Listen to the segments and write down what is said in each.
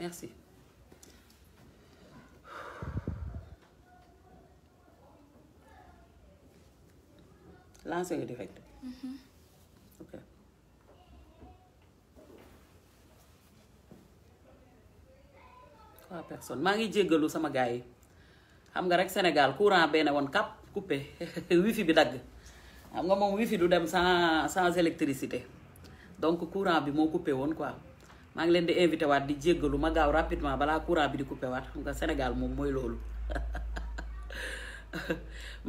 merci lancé mm-hmm. maa ngi jéggalu sama gars yi xam nga rek Sénégal courant benn woon cap coupé wifi bi dagg xam nga moom wifi du dem sans sans électricité donc courant bi moo coupé woon quoi maa ngi leen di invité waat di jéggalu ma gaaw rapidement balaa courant bi di coupé waat xam nga Sénégal moom mooy loolu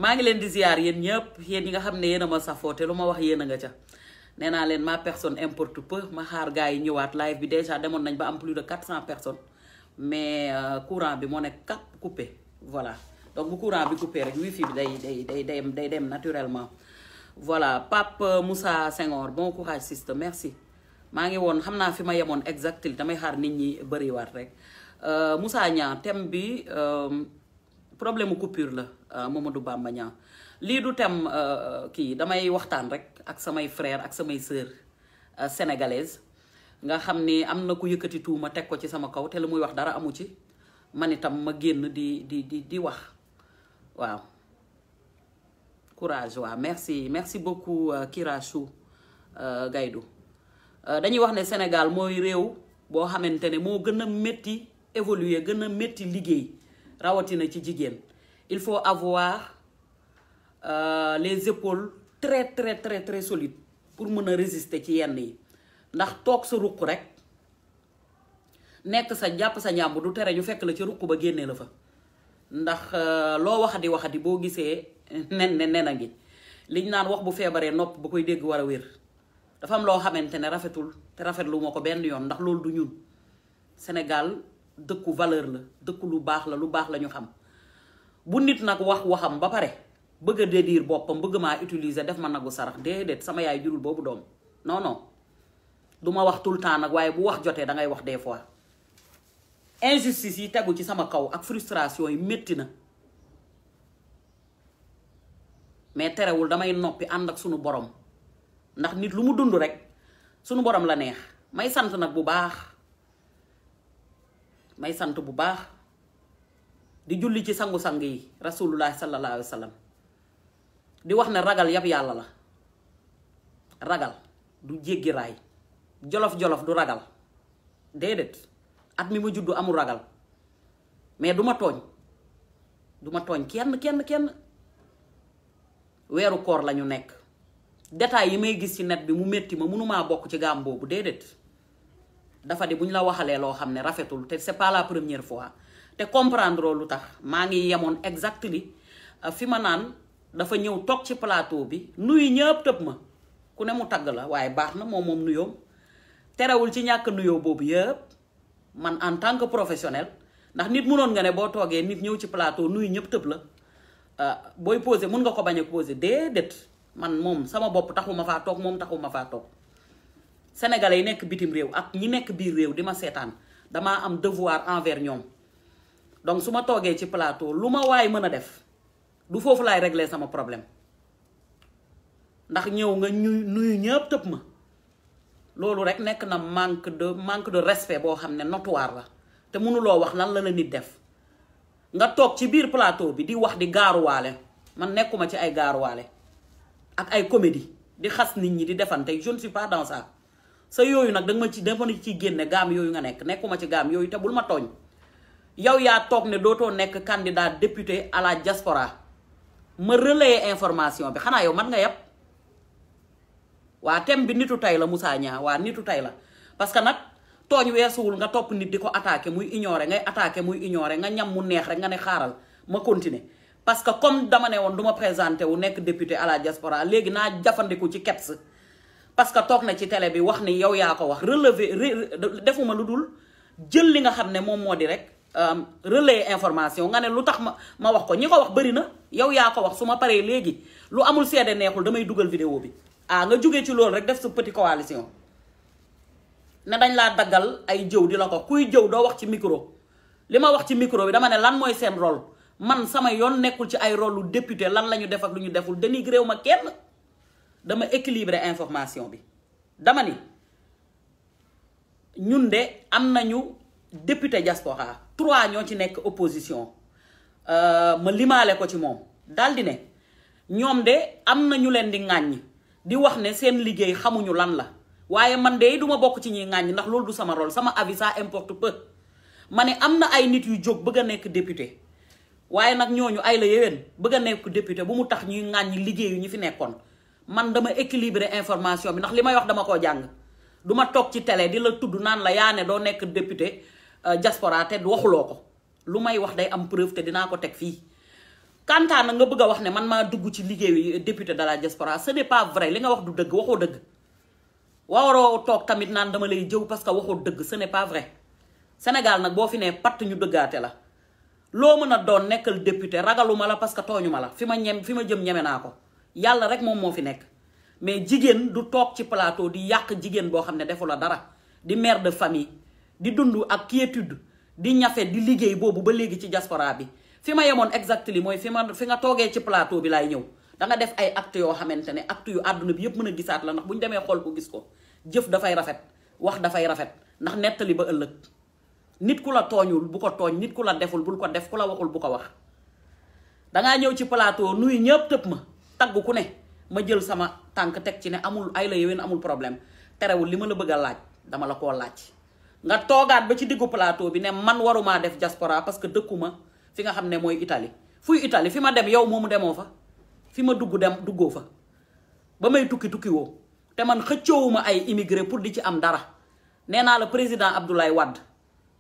maa ngi leen di ziar yéen ñëpp yéen ñi nga xam ne yéen a ma safoo te lu ma wax yéen a nga ca neenaa leen ma personne importe peu ma xaar gars yi ñëwaat live bi déjà demoon nañ ba am plus de 400 personnes mais euh, courant bi moo nekk cap coupé voilà donc bu courant bi coupé rek wifi bi day day day day dem naturellement voilà Pape Moussa Senghor bon courage merci. maa ngi woon xam naa fi ma yemoon exactement damay xaar nit ñi bëriwaat rek euh, Moussa Niang thème bi euh, problème mu coupure la euh, Mamadou Bamba Niang lii du thème kii damay waxtaan rek ak samay frair ak samay sœur sénégalaise nga xam ni am na ku yëkkati tuuma teg ko ci sama kaw te lu muy wax dara amu ci man itam ma génn di di di di wax waaw courage waaw merci merci beaucoup Kira Chou Gaydou Euh, dañuy wax ne Sénégal mooy réew boo xamante ne moo gën a métti évoluer gën a métti liggéey rawatina ci jigéen il faut avoir euh, les épaules très très très très solides pour mën a résister ci yenn yi ndax toog sa ruq rek nekk sa jàpp sa ñàmb du tere ñu fekk la ci ruq ba génnee la fa ndax euh, loo waxadi waxadi boo gisee nen ne nen a ngi liñ naan wax bu feebaree nopp ba koy dégg war a wér dafa am loo xamante ne rafetul te rafetlu ma ko benn yoon ndax loolu du ñun Sénégal dëkku valeur la dëkku lu baax la lu baax la ñu xam bu nit nag wax waxam ba pare bëgg a dédiir boppam bëgg maa utiliser def ma nagu sarax déedéet sama yaay jurul boobu doom non non du ma wax tout le temps nag waaye bu wax jotee da ngay wax des fois injustice yi tegu ci sama kaw ak frustration yi métti na mais terewul damay noppi ànd ak sunu borom. ndax nit lu mu dund rek sunu borom la neex may sant nag bu baax may sant bu baax di julli ci sangu-sang yi rasulullah sallallahu alayhi di wax ne ragal yab yàlla la ragal du jéggi raay jolof-jolof du ragal déedéet at mi ma judd amul ragal mais du ma tooñ du ma tooñ kenn kenn kenn weeru koor lañu nekk détails yi may gis ci net bi mu métti ma mënumaa bokk ci gaam boobu déedéet dafa di bu ñu la waxalee loo xam ne rafetul te c'est pas la première fois te comprendre lu tax maa ngi yemoon exactement euh, fi ma naan dafa ñëw toog ci palaato bi nuyu ñëpp tëb ma ku ne mu tagg la waaye baax na moom moom nuyoom terewul ci ñàkk nuyoo boobu yëpp man en tant que professionnel ndax nit munoon nga ne boo toogee nit ñëw ci palaato nuyu ñëpp tëb la euh, booy posé mun nga ko bañ a posé déedéet man moom sama bopp taxuma faa toog moom taxuma faa toog sénégalais yi nekk bitim réew ak ñi nekk biir réew di ma seetaan damaa am devoir envers ñoom donc su ma toogee ci plateau lu ma waay mën a def du foofu laay régler sama problème ndax ñëw nga ñu nuyu ñëpp tëb ma loolu rek nekk na manque de manque de respect boo xam ne notoire la te mënuloo wax lan la la nit def nga toog ci biir plateau bi di wax di gaaruwaale man nekkuma ci ay gaaruwaale ak ay comédie di xas nit ñi di defante je ne suis pas dans sa yooyu nag danga ma ci da ma ci génne gaam yooyu nga nekk nekkuma ci gaam yooyu te bul ma tooñ yow yaa toog ne dootoo nekk candidat député à la diaspora ma relayer information bi xanaa yow man nga yàpp waa thème bi nitu tey la Moussa Niang waa nitu tey la parce que nag tooñ weesuwul nga topp nit di ko attaqué muy ignoré ngay attaqué muy ignoré nga ñam mu neex rek nga ne xaaral ma continuer parce que comme dama ne woon duma ma présenté wu nekk député à la diaspora léegi naa jafandiku ci keps parce que toog na ci tele bi wax ni yow yaa ko wax relever defuma lu dul jël li nga xam ne moom moo di rek euh, relais information nga ne lu tax ma ma wax ko ñi ko wax bëri na yow yaa ko wax su ma paree léegi lu amul seede neexul damay dugal vidéo bi ah nga jógee ci loolu rek def sa petit coalition ne dañ laa daggal ay jëw di la ko kuy jëw doo wax ci micro li ma wax ci micro bi dama ne lan mooy seen rôle man sama yoon nekkul ci ay rôle lu député lan la ñu def lu ñu deful dénigré wu ma kenn dama équilibrer information bi dama ni ñun de am nañu député diaspora trois ñoo ci nekk opposition euh, ma limaale ko ci moom daal di ne ñoom de am na ñu leen di ŋàññ di wax ne seen liggéey xamuñu lan la waaye man de duma bokk ci ñuy ŋàññ ndax loolu du sama rol sama avis ça importe peu ma ne am na ay nit yu jóg bëgg a nekk député waaye nag ñooñu ay la yéwén bëgg a nekk député bu mu tax ñuy ŋàññi liggéeyu ñi fi nekkoon man dama équilibré information bi ndax li may wax dama koo jàng du ma toog ci télé di la tudd naan la yaa ne doo nekk député euh, diaspora te waxuloo ko lu may wax day am preuve te dinaa ko teg fii. Kantaa na nga bëgg a wax ne man maa dugg ci liggéeyu député de la diaspora ce n'est pas vrai li nga wax du dëgg waxoo dëgg waroo toog tamit naan dama lay jëw parce que dëgg ce n'est Sénégal nag boo fi nee patt ñu dëggaate la. loo mën a doon nekkal député ragaluma la parce que tooñu ma la fi ma ñem fi ma jëm ñeme naa ko yàlla rek moom moo fi nekk mais jigéen du toog ci plateau di yàq jigéen boo xam ne defu la dara di mère de famille di dund ak quiétude di ñafe di liggéey boobu ba léegi ci diaspora bi fi ma yemoon exactement mooy fi ma fi nga toogee ci plateau bi laay ñëw da nga def ay acte yoo xamante ne acte yu àdduna bi yëpp mën a gisaat la ndax bu ñu demee xool ko gis ko jëf dafay rafet wax dafay rafet ndax nettali ba ëllëg nit ku la tooñul bu ko tooñ nit ku la deful bul ko def ku la waxul bu ko wax dangaa ñëw ci plateau nuyu ñëpp tëb ma tagg ku ne ma jël sama tànk teg ci ne amul ay la yowén amul problème terewul li ma la bëgg a laaj dama la koo laaj nga toogaat ba ci diggu palaato bi ne man warumaa def diaspora parce que dëkkuma fi nga xam ne mooy itali fuy Italie fi ma dem yow moomu demoo fa fi ma dugg dem duggoo fa ba may tukki tukki woo te man xëccoowuma ay immigré pour di ci am dara nee naa la président Abdoulaye Wade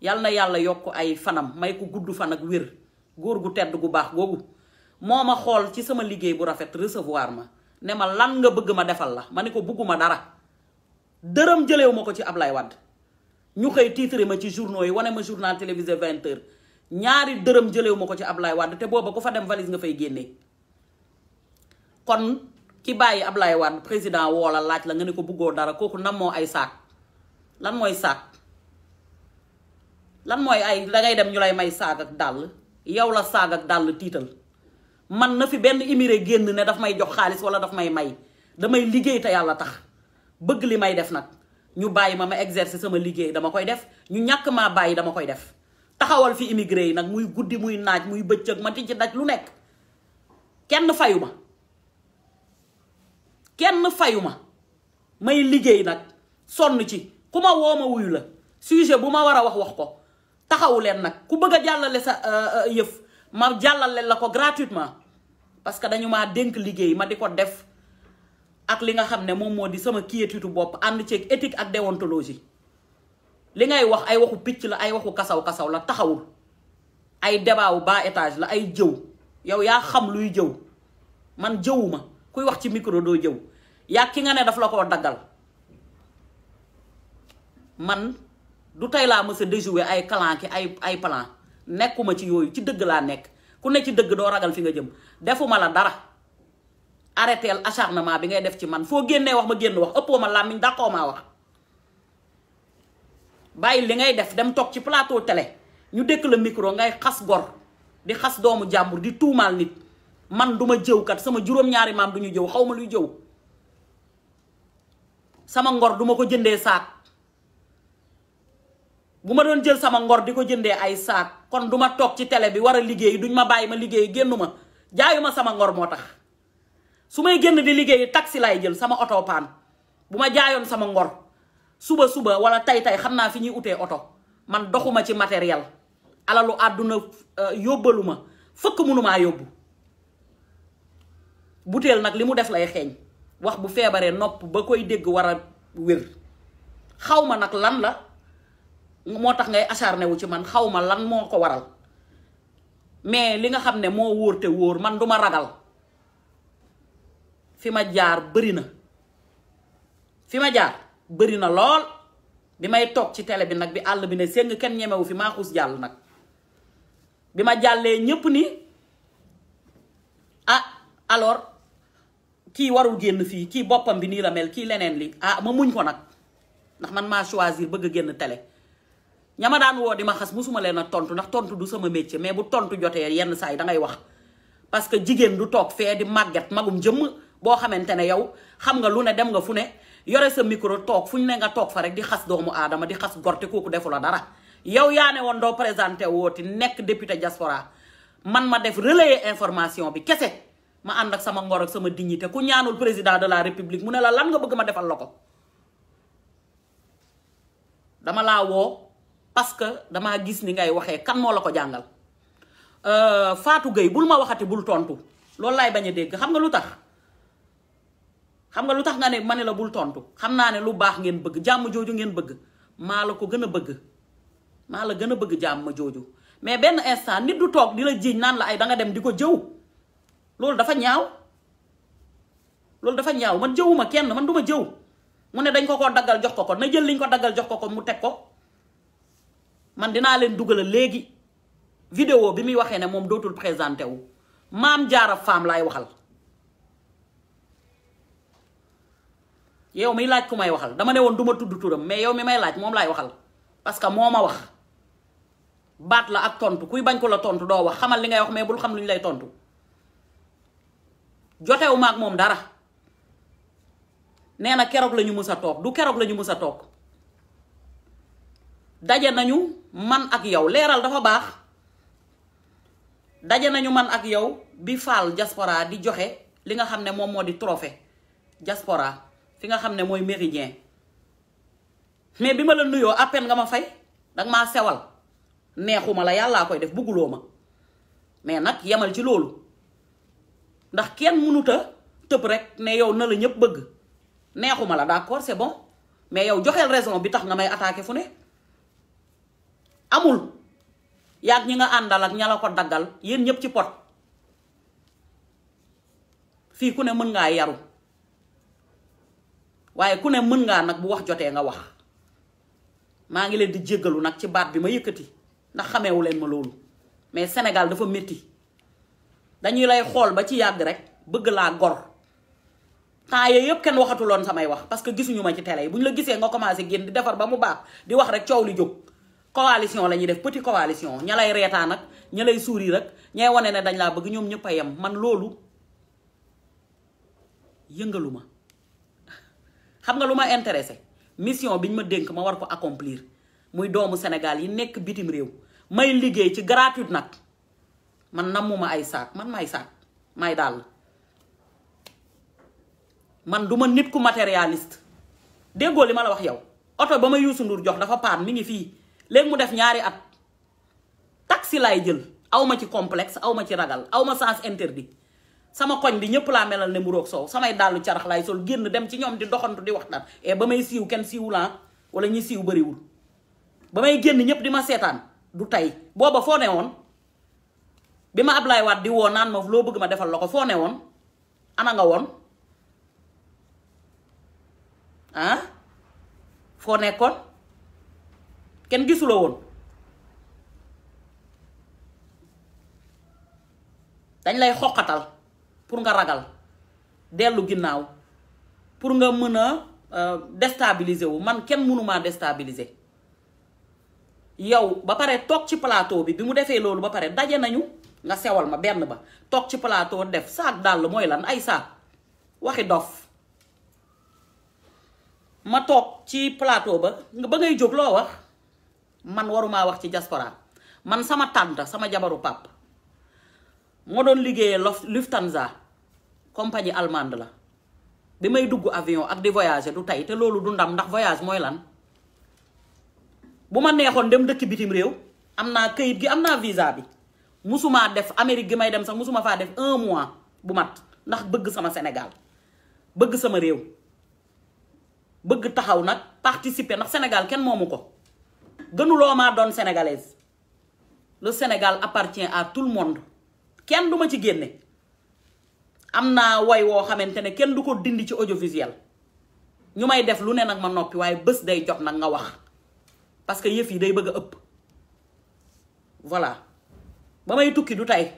yal na yàlla yokk ay fanam may ko gudd fan ak wér góor gu tedd gu baax googu moo ma xool ci sama liggéey bu rafet recevoir ma ne ma lan nga bëgg ma defal la ma ne ko bugguma dara dërëm jëlewu ma ko ci Ablaye Wade ñu xëy titre ma ci journaux yi wane ma journal télévisé 20 heures ñaari dërëm jëlewu ma ko ci Ablaye Wade te booba ku fa dem valise nga fay génnee kon ki bàyyi ab lay Wade président woola laaj la nga ne ko bëggoo dara kooku nam moo ay saak lan mooy saak lan mooy ay dangay dem ñu lay may saag ak dàll yow la saag ak dàll tiital man na fi benn immigré génn ne daf may jox xaalis wala dafa may may damay liggéey te yàlla tax bëgg li may def nag ñu bàyyi ma ma exercer sama liggéey dama koy def ñu ñàkk ma bàyyi dama koy def taxawal fi immigré yi nag muy guddi muy naaj muy bëccëg ma ti ci daj lu nekk kenn fayu ma kenn fayu may liggéey nag sonn ci ku ma woo ma wuyu la sujet bu ma war a wax wax ko taxawu leen nag ku bëgg a jàllale sa euh, euh, yëf ma jàllale la ko gratuitement parce que dañu maa dénk liggéey ma di ko def ak li nga xam ne moom moo di sama quiétude bopp ànd ceeg éthique ak déontologie li ngay wax ay waxu picc la ay waxu kasaw kasaw la taxawul ay débaawu bas étage la ay jëw yow yaa xam luy jëw man jëwuma kuy wax ci micro doo jëw yaa ki nga ne daf la ko daggal man du tey laa mës a déjouer ay calan ki ay ay plan nekkuma ci yooyu ci dëgg laa nekk ku ne ci dëgg doo ragal fi nga jëm defuma la dara arrêteel acharnement bi ngay def ci man foo génnee wax ma génn wax ëppoo ma làmmiñ dàqoo maa wax bàyyi li ngay def dem toog ci plateau télé ñu dëkk la micro ngay xas gor di xas doomu jàmbur di tuumaal nit man duma jëwkat sama juróom-ñaari maam du ñu jëw xaw ma luy jëw sama ngor duma ko jëndee saak bu ma doon jël sama ngor di ko jëndee ay saat kon du ma toog ci tele bi war a liggéey duñ ma bàyyi ma liggéey génn ma jaayuma sama ngor moo tax su may génn di liggéeyi taxi laay jël sama oto paan bu ma jaayoon sama ngor suba suba wala tey tey xam naa fi ñuy utee oto man doxuma ci matériel alalu àdduna euh, yóbbalu ma fëkk mënumaa yóbbu butéel nag li mu def lay xeeñ wax bu feebaree nopp ba koy dégg war a wér xaw ma nag lan la moo tax ngay acharné wu ci man xaw ma lan moo ko waral mais li nga xam ne moo wóor te wóor man duma ragal fi ma jaar bëri na fi ma jaar bëri na lool bi may toog ci télé bi nag bi àll bi ne séng kenn ñemewu fi maa xuus jàll nag bi ma jàllee ñépp ni ah alors kii warul génn fii kii boppam bi nii la mel kii leneen li ah ma muñ ko nag ndax man maa choisir bëgg a génn tele ñama daan woo di ma xas musuma leen a tontu ndax tontu du sama métier mais bu tontu jotee yenn saa yi dangay wax parce que jigéen du toog fee di màgget magum jëmm boo xamante ne yow xam nga lu ne dem nga fu ne yore sa micro toog fu ñu ne nga toog fa rek di xas doomu aadama di xas gorte kooku defu la dara yow yaa ne woon doo présenté wooti nekk député diaspora man ma def relayer information bi kese ma ànd ak sama ngor ak sama dignité ku ñaanul président de la république mu ne la lan bëgg ma defal la ko dama parce que damaa gis ni ngay waxee kan moo la ko jàngal euh, Fatou Gueye bul ma waxati bul tontu loolu laay bañ a dégg xam nga lu tax xam nga lu tax nga ne ma ne la bul tontu xam naa ne lu baax ngeen bëgg jàmm jooju ngeen bëgg maa la ko gën a bëgg maa la gën a bëgg jàmm jooju mais benn instant nit du toog di la jiiñ naan la ay da nga dem di ko jëw loolu dafa ñaaw loolu dafa ñaaw man jëwuma kenn man du ma jëw mu ne dañ ko ko daggal jox ko ko na jël liñ ko daggal jox ko ko mu teg ko man dinaa leen dugalal léegi vidéo bi muy waxee ne moom dootul présenté wu maam jaara faam laay waxal yow mi laaj ku may waxal dama ne woon du ma tudd turam mais yow mi may laaj moom laay waxal parce que moo ma wax baat la ak tontu kuy bañ ko la tontu doo wax xamal li ngay wax mais bul xam lu ñu lay tontu jotewu ma moom dara nee na keroog la ñu mus a toog du keroog la ñu mus a toog daje nañu man ak yow leeral dafa baax daje nañu man ak yow bi faal diaspora di joxe li nga xam ne moom moo di trophée diaspora fi nga xam ne mooy méridien mais bi ma la nuyoo à nga ma fay danga maa sewal neexuma la yàllaa koy def bugguloo ma mais nag yemal ci loolu ndax kenn mënuta tëb rek ne yow na la ñëpp bëgg neexuma la d'accord c'est bon mais yow joxeel raison bi tax nga may attaqué fu ne amul yaag ñi nga àndal ak ña la ko daggal yéen ñëpp ci pot fii ku ne mën ngaa yaru waaye ku ne mën ngaa nag bu wax jotee nga wax maa ngi leen di jéggalu nag ci baat bi ma yëkkati ndax xameewu leen ma loolu mais senegal dafa métti dañuy lay xool ba ci yàgg rek bëgg laa gor temps yooyu yëpp kenn waxatuloon samay wax parce que gisuñu ma ci télé yi bu ñu la gisee nga commencé génn di defar ba mu baax di wax rek coow li jóg coalition la ñuy def petit coalition ña lay reetaan nag ña lay sourire rek ñay wane ne dañ laa bëgg ñoom ñëpp a man loolu yëngalu ma xam nga lu ma intéressé mission biñ ma dénk ma war ko accomplir muy doomu senegal yi nekk bitim réew may liggéey ci gratuite nag man nammuma ay saak man may saak may daal man du ma nit ku matérialiste déggoo li ma la wax yow oto ba ma Youssou Ndour jox dafa paan mi ngi fii léegi mu def ñaari at taxi laay jël awma ci complexe awma ci ragal awma sens interdit sama koñ bi ñëpp laa melal ne mu roog soow samay dàllu carax laay sol génn dem ci ñoom di doxantu di waxtaan et eh, ba may siiw kenn siiwulan ah, wala ñi siiw bëriwul ba may génn ñëpp di ma seetaan du tey booba foo ne woon bi ma Ablaye Wade di woo naan ma loo bëgg ma defal la ko foo ne woon ana nga woon ah foo nekkoon kenn gisula woon dañ lay xoqatal pour nga ragal dellu ginnaaw pour nga mën a euh, déstabiliser wu man kenn mënumaa déstabiliser yow ba pare toog ci palaato bi bi mu defee loolu ba pare daje nañu nga sewal ma benn ba toog ci plateau def saak dàll mooy lan ay saak waxi dof ma toog ci palaato ba ba ngay jóg loo wax man warumaa wax ci diaspora man sama tànt sama jabaru pap moo doon liggéeyee lof Lufthansa compagnie allemande la bi may dugg avion ak di voyager du tey te loolu du ndam ndax voyage mooy lan bu ma neexoon dem dëkk bitim réew am naa këyit gi am naa visa bi musumaa def Amérique gi may dem sax musuma faa def un mois bu mat ndax bëgg sama Sénégal bëgg sama réew bëgg taxaw nag participer ndax Sénégal kenn moomu ko gënuloo maa doon sénégalaise le Sénégal appartient à tout le monde kenn du ma ci génne am naa way woo xamante ne kenn du ko dindi ci audiovisuel ñu may def lu ne nag ma noppi waaye bés day jox nag nga wax parce que yëf yi day bëgg ëpp voilà ba may tukki du tey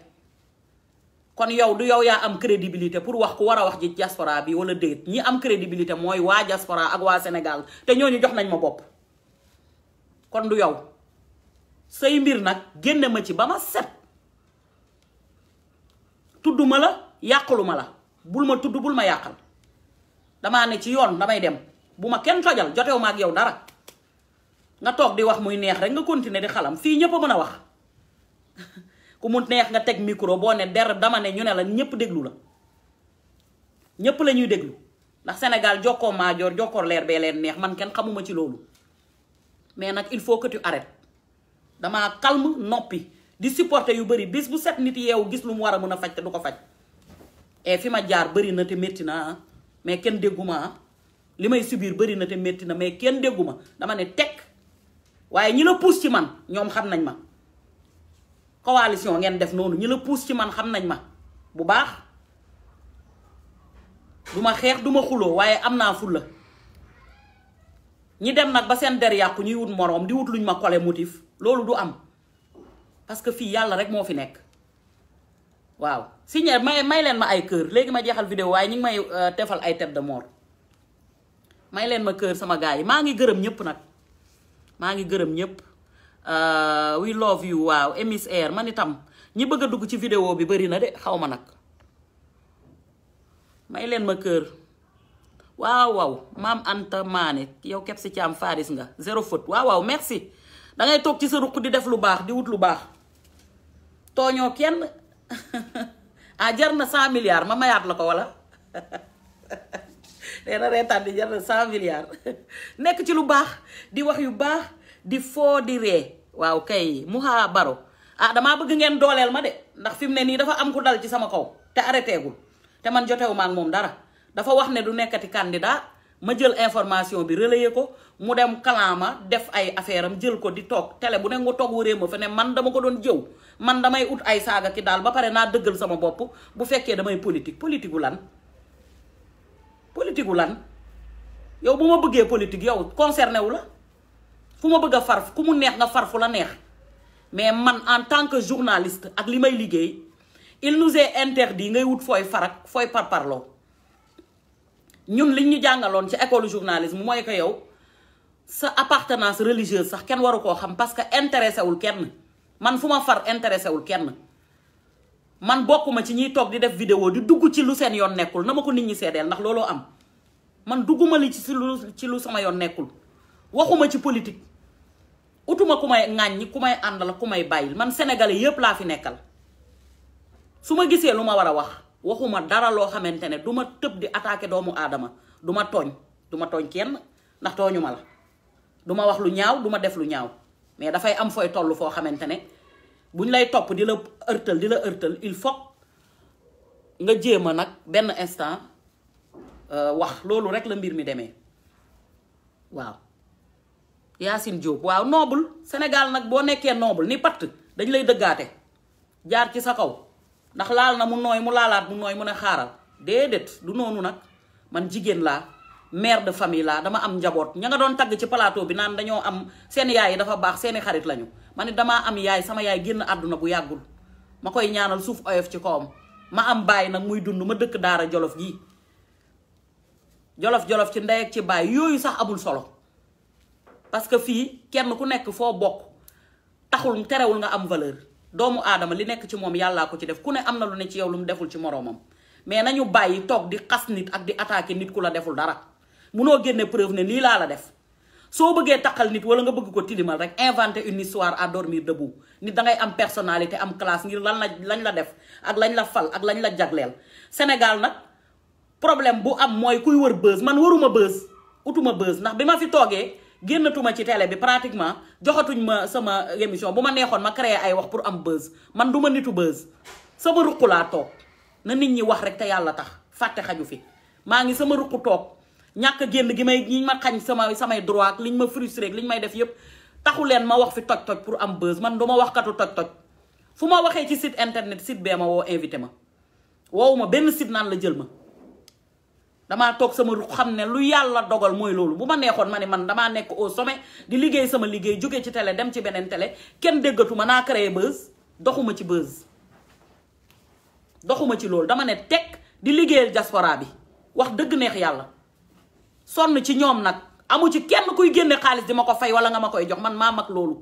kon yow du yow yaa am crédibilité pour wax ku war a wax ji diaspora bi wala déet ñi am crédibilité mooy waa diaspora ak waa Sénégal te ñooñu jox nañ ma bopp kon du yow say mbir nag génne ma ci ba ma set ma la ma la bul ma tudd bul ma yàqal damaa ne ci yoon damay dem bu ma kenn tojal jotewu ma ak yow dara nga toog di wax muy neex rek nga continuer di xalam fii ñëpp mën a wax ku mu neex nga teg micro boo ne der dama ne ñu ne la ñëpp déglu la ñëpp la ñuy déglu ndax senegal jokkoo maajoor jokkoor leer bee leen neex man kenn xamuma ci loolu mais nag il faut que tu arrêtes damaa calme noppi di supporter yu bëri bis bu set nit yeewu gis lu mu war a mën a faj te du ko faj et fi ma jaar bëri na te métti na ah. mais kenn dégguma ah. li may subiir bëri na te métti na mais kenn dégguma dama ne teg waaye ñi la pousse ci man ñoom xam nañ ma coalition ngeen def noonu ñi la pousse ci man xam nañ ma bu baax duma xeex duma xuloo waaye am naa fulla ñi dem nag ba seen der yàqu ñuy wut moroom di wut luñ ma kole motif loolu du am parce que fii yàlla rek moo fi nekk waaw signer may may leen ma ay kër léegi ma jeexal vidéo waaye ñu may defal euh, ay tête de mort may leen ma kër sama gars yi maa ngi gërëm ñëpp nag maa ngi gërëm ñëpp euh, we love you waaw Emis Air man itam ñi bëgg a dugg ci vidéo bi bëri na de xaw ma nag may leen ma kër waaw waaw maam Anta Maane yow kepp si caam faaris nga zéro faute waaw waaw merci da ngay toog ci sa ruq di def lu baax di wut lu baax tooñoo kenn ah jar na cent milliards ma mayaat la ko wala nee a reetaan di jar na cent milliards nekk ci lu baax di wax yu baax di foo di ree waaw kay Mouha Baro ah damaa bëgg ngeen dooleel ma de ndax fi mu ne nii dafa am ku dal ci sama kaw te arrêté gul te man jotewu ma moom dara. dafa wax ne du nekkati candidat ma jël information bi relayer ko mu dem ma def ay affaire am jël ko di toog tele bu ne nga toog wëree ma fa ne man dama ko doon jëw man damay ut ay saaga ki daal ba pare naa dëggal sama bopp bu fekkee damay politique politique gu lan politique gu lan yow bu ma bëggee politique yow concerné wu la fu ma bëgg a far ku mu neex nga far fu la neex mais man en tant que journaliste ak li may liggéey il nous est interdit ngay wut fooy farak fooy parparloo ñun li ñu jàngaloon ci école journalisme mooy que yow sa appartenance religieuse sax kenn waru koo xam parce que intéressé wul kenn man fu ma far intéressé wul kenn man bokkuma ci ñuy toog di def vidéo di dugg ci lu seen yoon nekkul na ma ko nit ñi seedeel ndax looloo am man dugguma li ci lu ci lu sama yoon nekkul waxuma ci politique utuma ku may ŋàññi ku may àndal ku may bàyyil man sénégalais yépp laa fi nekkal su ma gisee lu ma war a wax waxuma dara loo xamante ne du ma tëb di attaqué doomu aadama du ma tooñ du ma tooñ kenn ndax tooñu ma la duma wax lu ñaaw du ma def lu ñaaw mais dafay am fooy toll foo xamante ne buñ lay topp di la ërtal di il faut nga jéem a nag benn instant euh, wax loolu rek la mbir mi demee waaw Yacine Diop waaw noble Sénégal nag boo nekkee noble ni patt dañ lay dëggaate jaar ci sa kaw ndax laal na mu nooy mu laalaat mu nooy mu ne xaaral déedéet du noonu nag man jigéen laa mère de famille laa dama am njaboot ña nga doon tagg ci plateau bi naan dañoo am seen yaay yi dafa baax seeni xarit lañu ma ne damaa am yaay sama yaay génn àdduna bu yàggul ma koy ñaanal suuf oyof ci kawam ma am bàyyi nag muy dund ma dëkk daara jolof gii jolof-jolof ci ndey ak ci baay yooyu sax amul solo parce que fii kenn ku nekk foo bokk taxul terewul nga am valeur doomu aadama li nekk ci moom yàllaa ko ci def ku ne am na lu ne ci yow lu mu deful ci moroomam mais nañu bàyyi toog di xas nit ak di attaquer nit ku la deful dara munoo génne preuve ne lii laa la def soo bëggee taqal nit wala nga bëgg ko tilimal rek inventé une histoire à dormir debout nit da ngay am personalité am classe ngir lan la lañ la def ak lañ la fal ak lañ la jagleel Sénégal nag problème bu am mooy kuy wër buzz man waruma buzz utuma buzz ndax bi ma fi toogee génnatuma ci télé bi pratiquement joxatuñ ma sama émission bu ma neexoon ma créer ay wax pour am buzz man du ma nitu buzz sama ruq laa toog na nit ñi wax rek te yàlla tax fàtte xaju fi maa ngi sama ruq toog ñàkk génn gi may ñi ma xañ sama samay droit li liñ ma frustré ak liñ may def yépp taxu leen ma wax fi toj toj pour am buzz man du ma waxkatu toj toj fu ma waxee ci site internet site bee ma woo invité ma woowu ma benn site naan la jël ma damaa toog sama ruq xam ne lu yàlla dogal mooy loolu bu ma neexoon ma ne man damaa nekk au sommet di liggéey sama liggéey jóge ci télé dem ci beneen tele kenn déggatuma naa créé buzz doxuma ci buzz doxuma ci loolu dama ne teg di liggéeyal jasporaa bi wax dëgg neex yàlla sonn ci ñoom nag amu ci kenn kuy génne xaalis di ma ko fay wala nga ma koy jox man maa mag loolu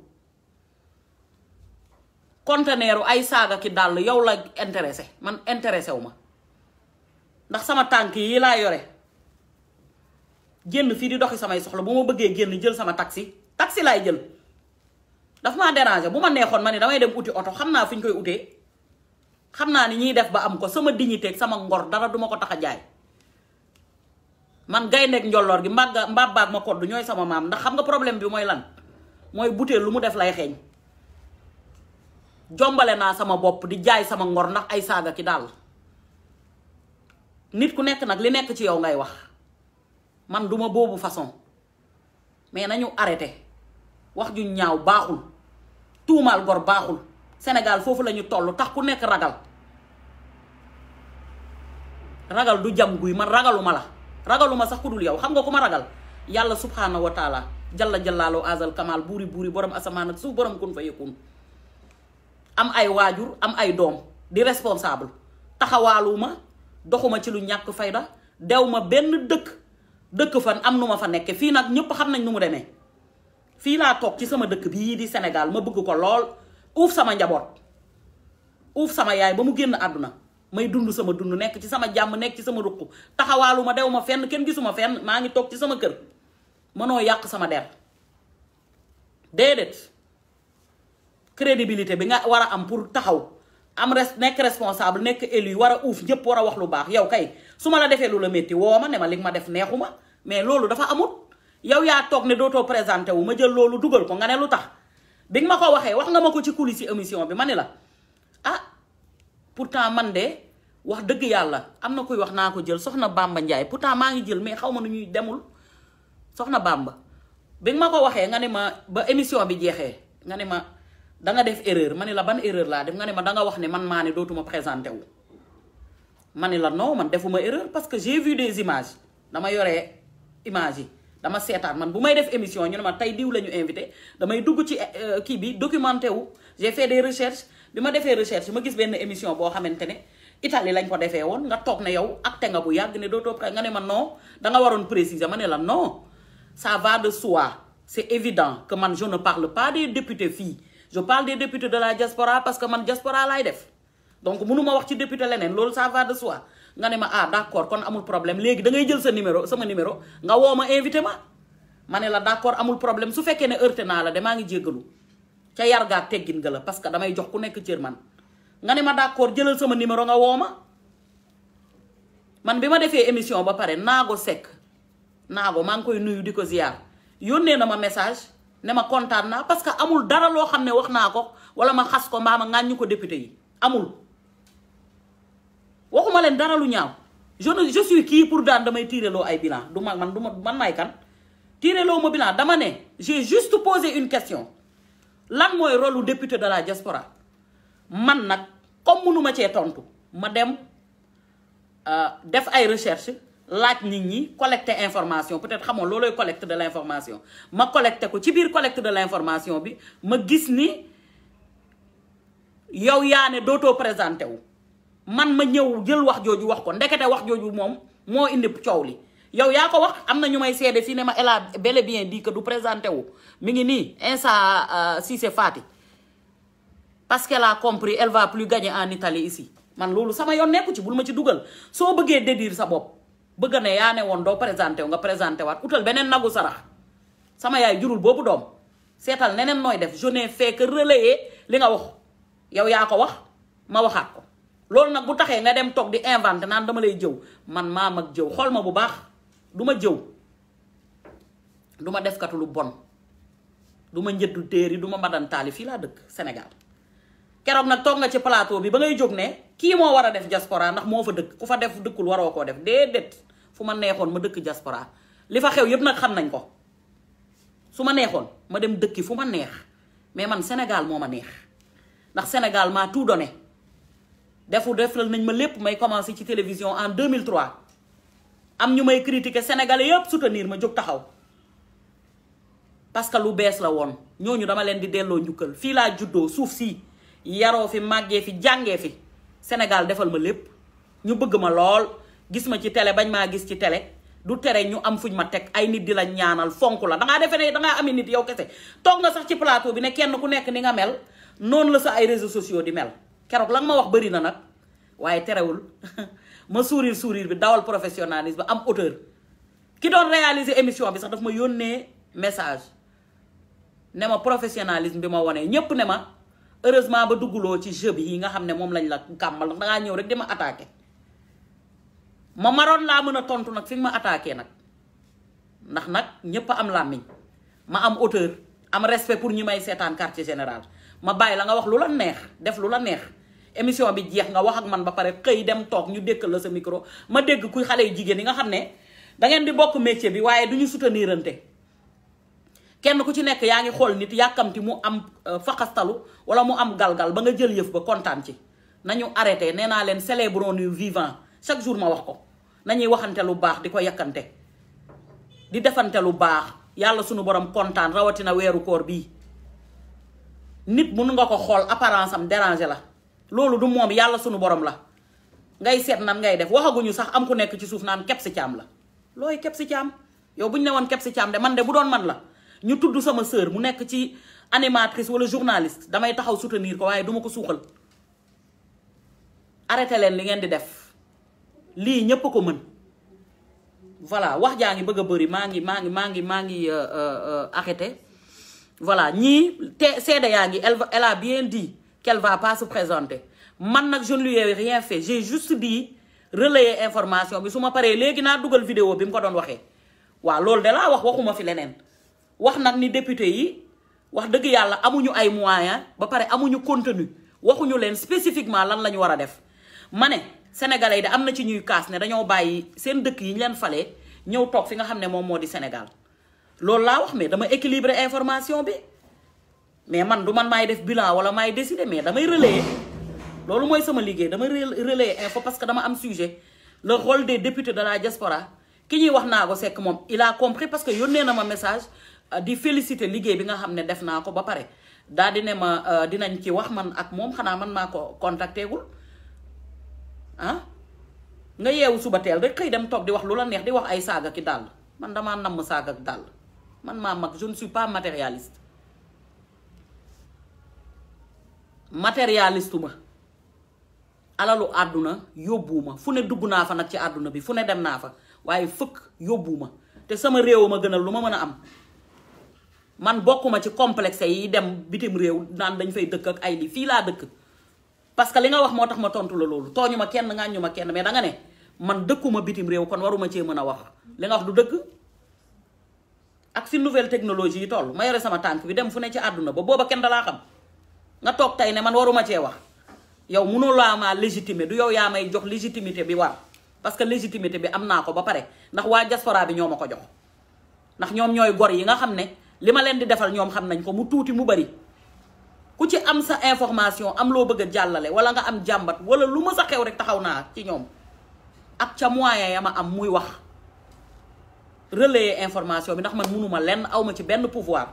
conteneeru ay saaga ki dàll yow la intéressé man intéressé wu ma ndax sama tànk yi laa yore génn fii di doxi samay soxla bu ma bëggee génn jël sama taxi taxi laay jël daf maa déranger bu ma neexoon ma ni damay dem uti oto xam naa fi ñu koy utee xam naa ni ñuy def ba am ko sama dignité sama ngor dara duma ko tax a jaay man gayndeeg njolloor gi mbagga mbabbaag ma kodd ñooy sama maam ndax xam nga problème bi mooy lan mooy butéel lu mu def lay xeeñ jombale naa sama bopp di jaay sama ngor ndax ay saaga ki daal nit ku nekk nag li nekk ci yow ngay wax man duma boobu façon mais nañu arrêté wax ju ñaaw baaxul tuumaal gor baaxul Sénégal foofu la ñu toll tax ku nekk ragal ragal du jam guy man ragaluma la ragaluma sax ku dul yow xam nga ku ma ragal yàlla subhaana wa taala jalla jallaaloo azal kamal buuri buuri borom asamaan ak suuf borom kun fa yëkkun am ay waajur am ay doom di responsable taxawaaluma doxuma ci lu ñàkk fayda dew ma benn dëkk dëkk fan am nu ma fa nekke fii nag ñëpp xam nañ nu mu demee fii laa toog ci sama dëkk bii di Sénégal ma bëgg ko lool uuf sama njaboot uuf sama yaay ba mu génn àdduna may dund sama dund nekk ci sama jàmm nekk ci sama ruq taxawaalu ma dew ma fenn kenn gisuma fenn maa ngi toog ci sama kër mënoo yàq sama der déedéet crédibilité bi nga war a am pour taxaw am res nekk responsable nekk élu war a uuf ñëpp war a wax lu baax yow kay su ma la defee lu la métti woo ma ne ma li ma def neexu ma mais loolu dafa amut yow yaa toog ne dootoo présenté wu ma jël loolu dugal ko nga ne lu tax bi nga ma ko waxee wax nga ma ko ci coulisse émission bi ma ne la ah pourtant man de wax dëgg yàlla am na koy wax naa ko jël soxna Bamba Ndiaye pourtant maa ngi jël mais xaw ma nu ñuy demul soxna Bamba bi nga ma ko waxee nga ne ma ba émission bi jeexee nga ne ma. da def erreur ma ne la ban erreur laa def nga ne ma da wax ne man maa ne dootuma présenté ma ne la non man defuma erreur parce que j'ai des images dama yore image yi dama seetaan man bu may def émission ñu ne ma tey diw la ñu invité damay dugg ci euh, kii bi documenté wu j'ai des recherches bi ma defee recherche ma gis benn émission boo xamante ne Italie lañ ko defee woon nga toog ne yow acte nga bu yàgg ne dootoo nga ne ma non da nga waroon préciser ma ne la non ça va de soi c'est évident que man je ne parle pas des députés fii je parle des députés de la diaspora parce que man diaspora laay def donc mënu wax ci député leneen loolu ça va de soi nga ne ma ah d'accord kon amul problème léegi da jël sa numéro sama numéro nga woo ma invité ma ma ne la d'accord amul problème su fekkee ne heurté naa la de maa ngi jéggalu ca yar gaa nga la parce que damay jox ku nekk cër man nga ne ma d'accord jëlal sama numéro nga wooma man bi ma defee émission ba pare naago sekk naago maa ngi koy nuyu di ko ziyaar yónnee na ma message ne ma kontaan naa parce que amul dara loo xam ne wax naa ko wala ma xas ko mbaa ma ko député yi amul waxuma leen dara lu ñaaw je ne je kii pour daan damay tiireloo ay bilan du ma man du ma man maay kan tiireloo ma bilan dama ne j'ai juste posé une question lan mooy rôlu député de la diaspora man nag comme mënuma cee tontu ma dem euh, def ay recherche laaj nit ñi collecter information peut-être xamoon loolooy collecte de l'information ma collecté ko ci biir collecte de l'information bi ma gis ni yow yaa ne dootoo présenté wu man ma ñëw jël wax jooju wax ko ndekete wax jooju moom moo indi coow li yow yaa ko wax am na ñu may seede fii ne ma elle a bel bien dii que du présenté wu mi ngi nii Insa euh, Cissé Fati parce qu'elle a compris elle va plus gagner en Italie ici man loolu sama yoon nekku ci bul ma ci dugal soo bëggee dédire sa bopp bëgg na yaa ne woon doo présenté wu nga présenté waat utal beneen nagu sarax sama yaay jurul boobu doom seetal neneen nooy def je n'ai fait que relayer li nga wax yow yaa ko wax ma waxaat ko loolu nag bu taxee nga dem toog di inventé naan dama lay jëw man maam ak jëw xool ma bu baax du ma jëw du ma defkatu lu bon duma ma njëddu téer yi du ma madantaali fii laa dëkk Sénégal keroog nag toog nga ci plateau bi ba ngay jóg ne kii moo war a def diaspora ndax moo fa dëkk ku fa def dëkkul waroo koo def déedéet fu ma neexoon ma dëkk diaspora li fa xew yëpp nag xam nañ ko su ma neexoon ma dem dëkki fu ma neex mais man Sénégal moo ma neex ndax Sénégal maa tout donné defu defal nañ ma lépp may commencé ci télévision en deux 2003 am ñu may critiquer sénégalais yëpp soutenir ma jóg taxaw parce que lu bees la woon ñooñu dama leen di delloo njukkal fii laa juddoo suuf si yaroo fi màggee fi jàngee fi Sénégal defal ma lépp ñu bëgg ma lool gis ma ci tele bañ maa gis ci télé du tere ñu am fuñ ma teg ay nit di la ñaanal fonk la dangaa defee ne dangaa amee nit yow kese toog nga sax ci plateau bi ne kenn ku nekk ni nga mel noonu la sax ay réseaux sociaux di mel keroog la nga ma wax bëri na nag waaye terewul ma sourire sourire bi dawal professionnalisme am auteur ki doon réaliser émission bi sax daf ma yónnee message ne ma professionnalisme bi ma wonee ñépp ne ma heureusement ba dugguloo ci jeu bi yi nga xam ne moom lañ la kàmmal ndax dangaa ñëw rek di ma attaqué ma maroon laa mën a tontu nag fi ma attaqué nag ndax nag ñépp am làmmiñ ma am hauteur am respect pour ñi may seetaan quartier général ma bàyyi la nga wax lu la neex def lu la neex émission bi jeex nga wax ak man ba pare xëy dem toog ñu dékkal la sa micro ma dégg kuy xale yu jigéen yi nga xam ne da ngeen di bokk métier bi waaye du ñu soutenirante kenn ku ci nekk yaa ngi xool nit yàkkamti mu am euh, faxastalu wala mu am galgal ba nga jël yëf ba kontaan ci nañu arrêté nee naa leen célébrons-nous vivants chaque jour ma wax ko nañuy waxante lu baax di ko yàkkante di defante lu baax yàlla sunu borom kontaan rawatina weeru koor bii nit mun nga ko xool apparence am déranger la loolu du moom yàlla sunu borom la ngay seet nan ngay def waxaguñu sax am ku nekk ci suuf naan kepp si caam la looy kepp si caam yow bu ñu ne woon kepp man de bu doon man la ñu tudd sama sœur mu nekk ci animatrice walla journaliste damay taxaw soutenir ko waaye duma ko suuxal arrêté leen li ngeen di def lii ñépp ko mën voilà wax jaa ngi bëgg a bëri maa ngi maa ngi maa ngi maa ngi euh, euh, arrêté voilà ñii te seede yaa ngi elle a bien di qu'elle va pas se présenter man nag je ne lui ai rien fait j'ai juste dit relayer information bi su ma paree léegi naa dugal vidéo bi mu ko doon waxee waaw loolu de laa wax waxuma fi leneen wax nag ni député yi wax dëgg yàlla amuñu ay moyens ba pare amuñu contenu waxuñu leen spécifiquement lan la ñu war a def ma ne sénégalais yi da am na ci ñuy kaas ne dañoo bàyyi seen dëkk yi ñu leen falee ñëw toog fi nga xam ne moom moo di Sénégal loolu laa wax mais dama équilibrer information bi mais man du man maay def bilan wala maay décider mais damay relayer loolu mooy sama liggéey dama relayer info parce que dama am sujet le rôle des députés de la diaspora ki ñuy wax naa ko sekk moom il a parce que yónnee na ma message di félicité liggéey bi nga xam ne def naa ko ba pare daa di ne ma euh, dinañ ci wax man ak moom xanaa man maa ko contacté gul ah? nga yeewu suba teel rek xëy dem toog di wax lu la neex di wax ay saaga ki dàll man damaa namm saaga ak dàll man maa mag je ne suis pas matérialiste ma alalu àdduna yóbbuwuma fu ne dugg naa fa nag ci àdduna bi fu ne dem naa fa waaye fëkk yóbbuwuma te sama réew ma gënal lu ma mën a am man bokkuma ci complexe yi dem bitim réew naan dañ fay dëkk ak ay lii fii laa dëkk parce que li nga wax moo tax ma tontu la loolu tooñu ma kenn ngaañu ma kenn mais danga ne man dëkkuma bitim réew kon waruma cee mën a wax li nga wax du dëkk ak fi nouvelle technologie yi toll ma yore sama tànk bi dem fu ne ci àdduna ba booba kenn dalaa xam nga toog tey ne man waruma cee wax yow mënoo laa maa légitimer du yow yaa may jox légitimité bi war parce que légitimité bi am naa ko ba pare ndax waa diaspora bi ñoo ma ko jox ndax ñoom ñooy gor yi nga xam ne li ma leen di defal ñoom xam nañ ko mu tuuti mu bari ku ci am sa information am loo bëgg a jàllale wala nga am jàmbat wala lu ma sa xew rek taxaw naa ci ñoom ak ca moyen ya ma am muy wax relayer information bi ndax man mënuma lenn aw ma ci benn pouvoir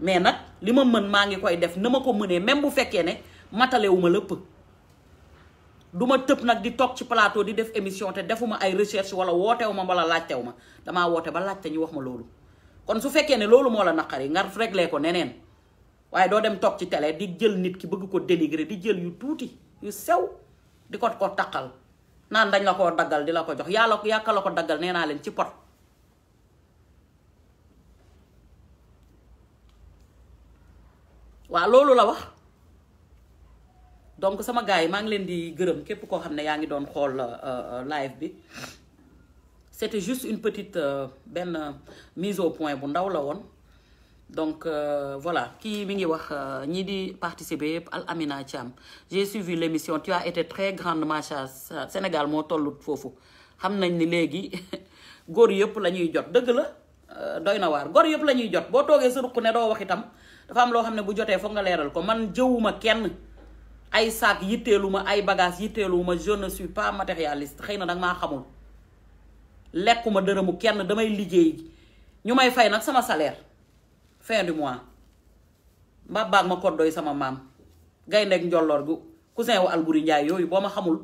mais nag li ma mën maa ngi koy def na ma ko mënee même bu fekkee ne matalewu ma lépp du ma tëb nag di toog ci plateau di def émission te defuma ay recherche wala wootewu ma wala laajtew ma damaa woote ba laajte ñu wax ma loolu kon su fekkee ne loolu moo la naqari nga réglé ko neneen waaye doo dem toog ci télé di jël nit ki bëgg ko dénigrer di jël yu tuuti yu sew di ko ko taqal naan dañ la koo daggal di la ko jox yàlla yàkka la ko daggal nee naa leen ci pot waaw loolu la wax donc sama gars yi maa ngi leen di gërëm képp koo xam ne yaa ngi doon xool euh, euh, live bi c'était juste une petite euh, benn euh, mise au point bu ndaw la woon donc euh, voilà kii mi ngi wax ñii di participer yëpp Al Amina Thiam j'ai suivi l'émission tu as été très grande macha Sénégal moo tollu foofu xam nañ ni léegi góor yëpp la ñuy jot dëgg la doy na waar góor yëpp la ñuy jot boo toogee sa ruq ne doo wax itam dafa am loo xam ne bu jotee foog nga leeral ko man jëwuma kenn ay saak yitteelu ma ay bagage yitteelu ma je ne suis pas matérialiste xëy na danga maa xamul lekkuma dërëmu kenn damay liggéey ñu may fay nag sama salaire fin du mois mbaa baag ma koddooy sama maam gayndeeg njolloor gu cousin wu Alburi Njaay yooyu boo ma xamul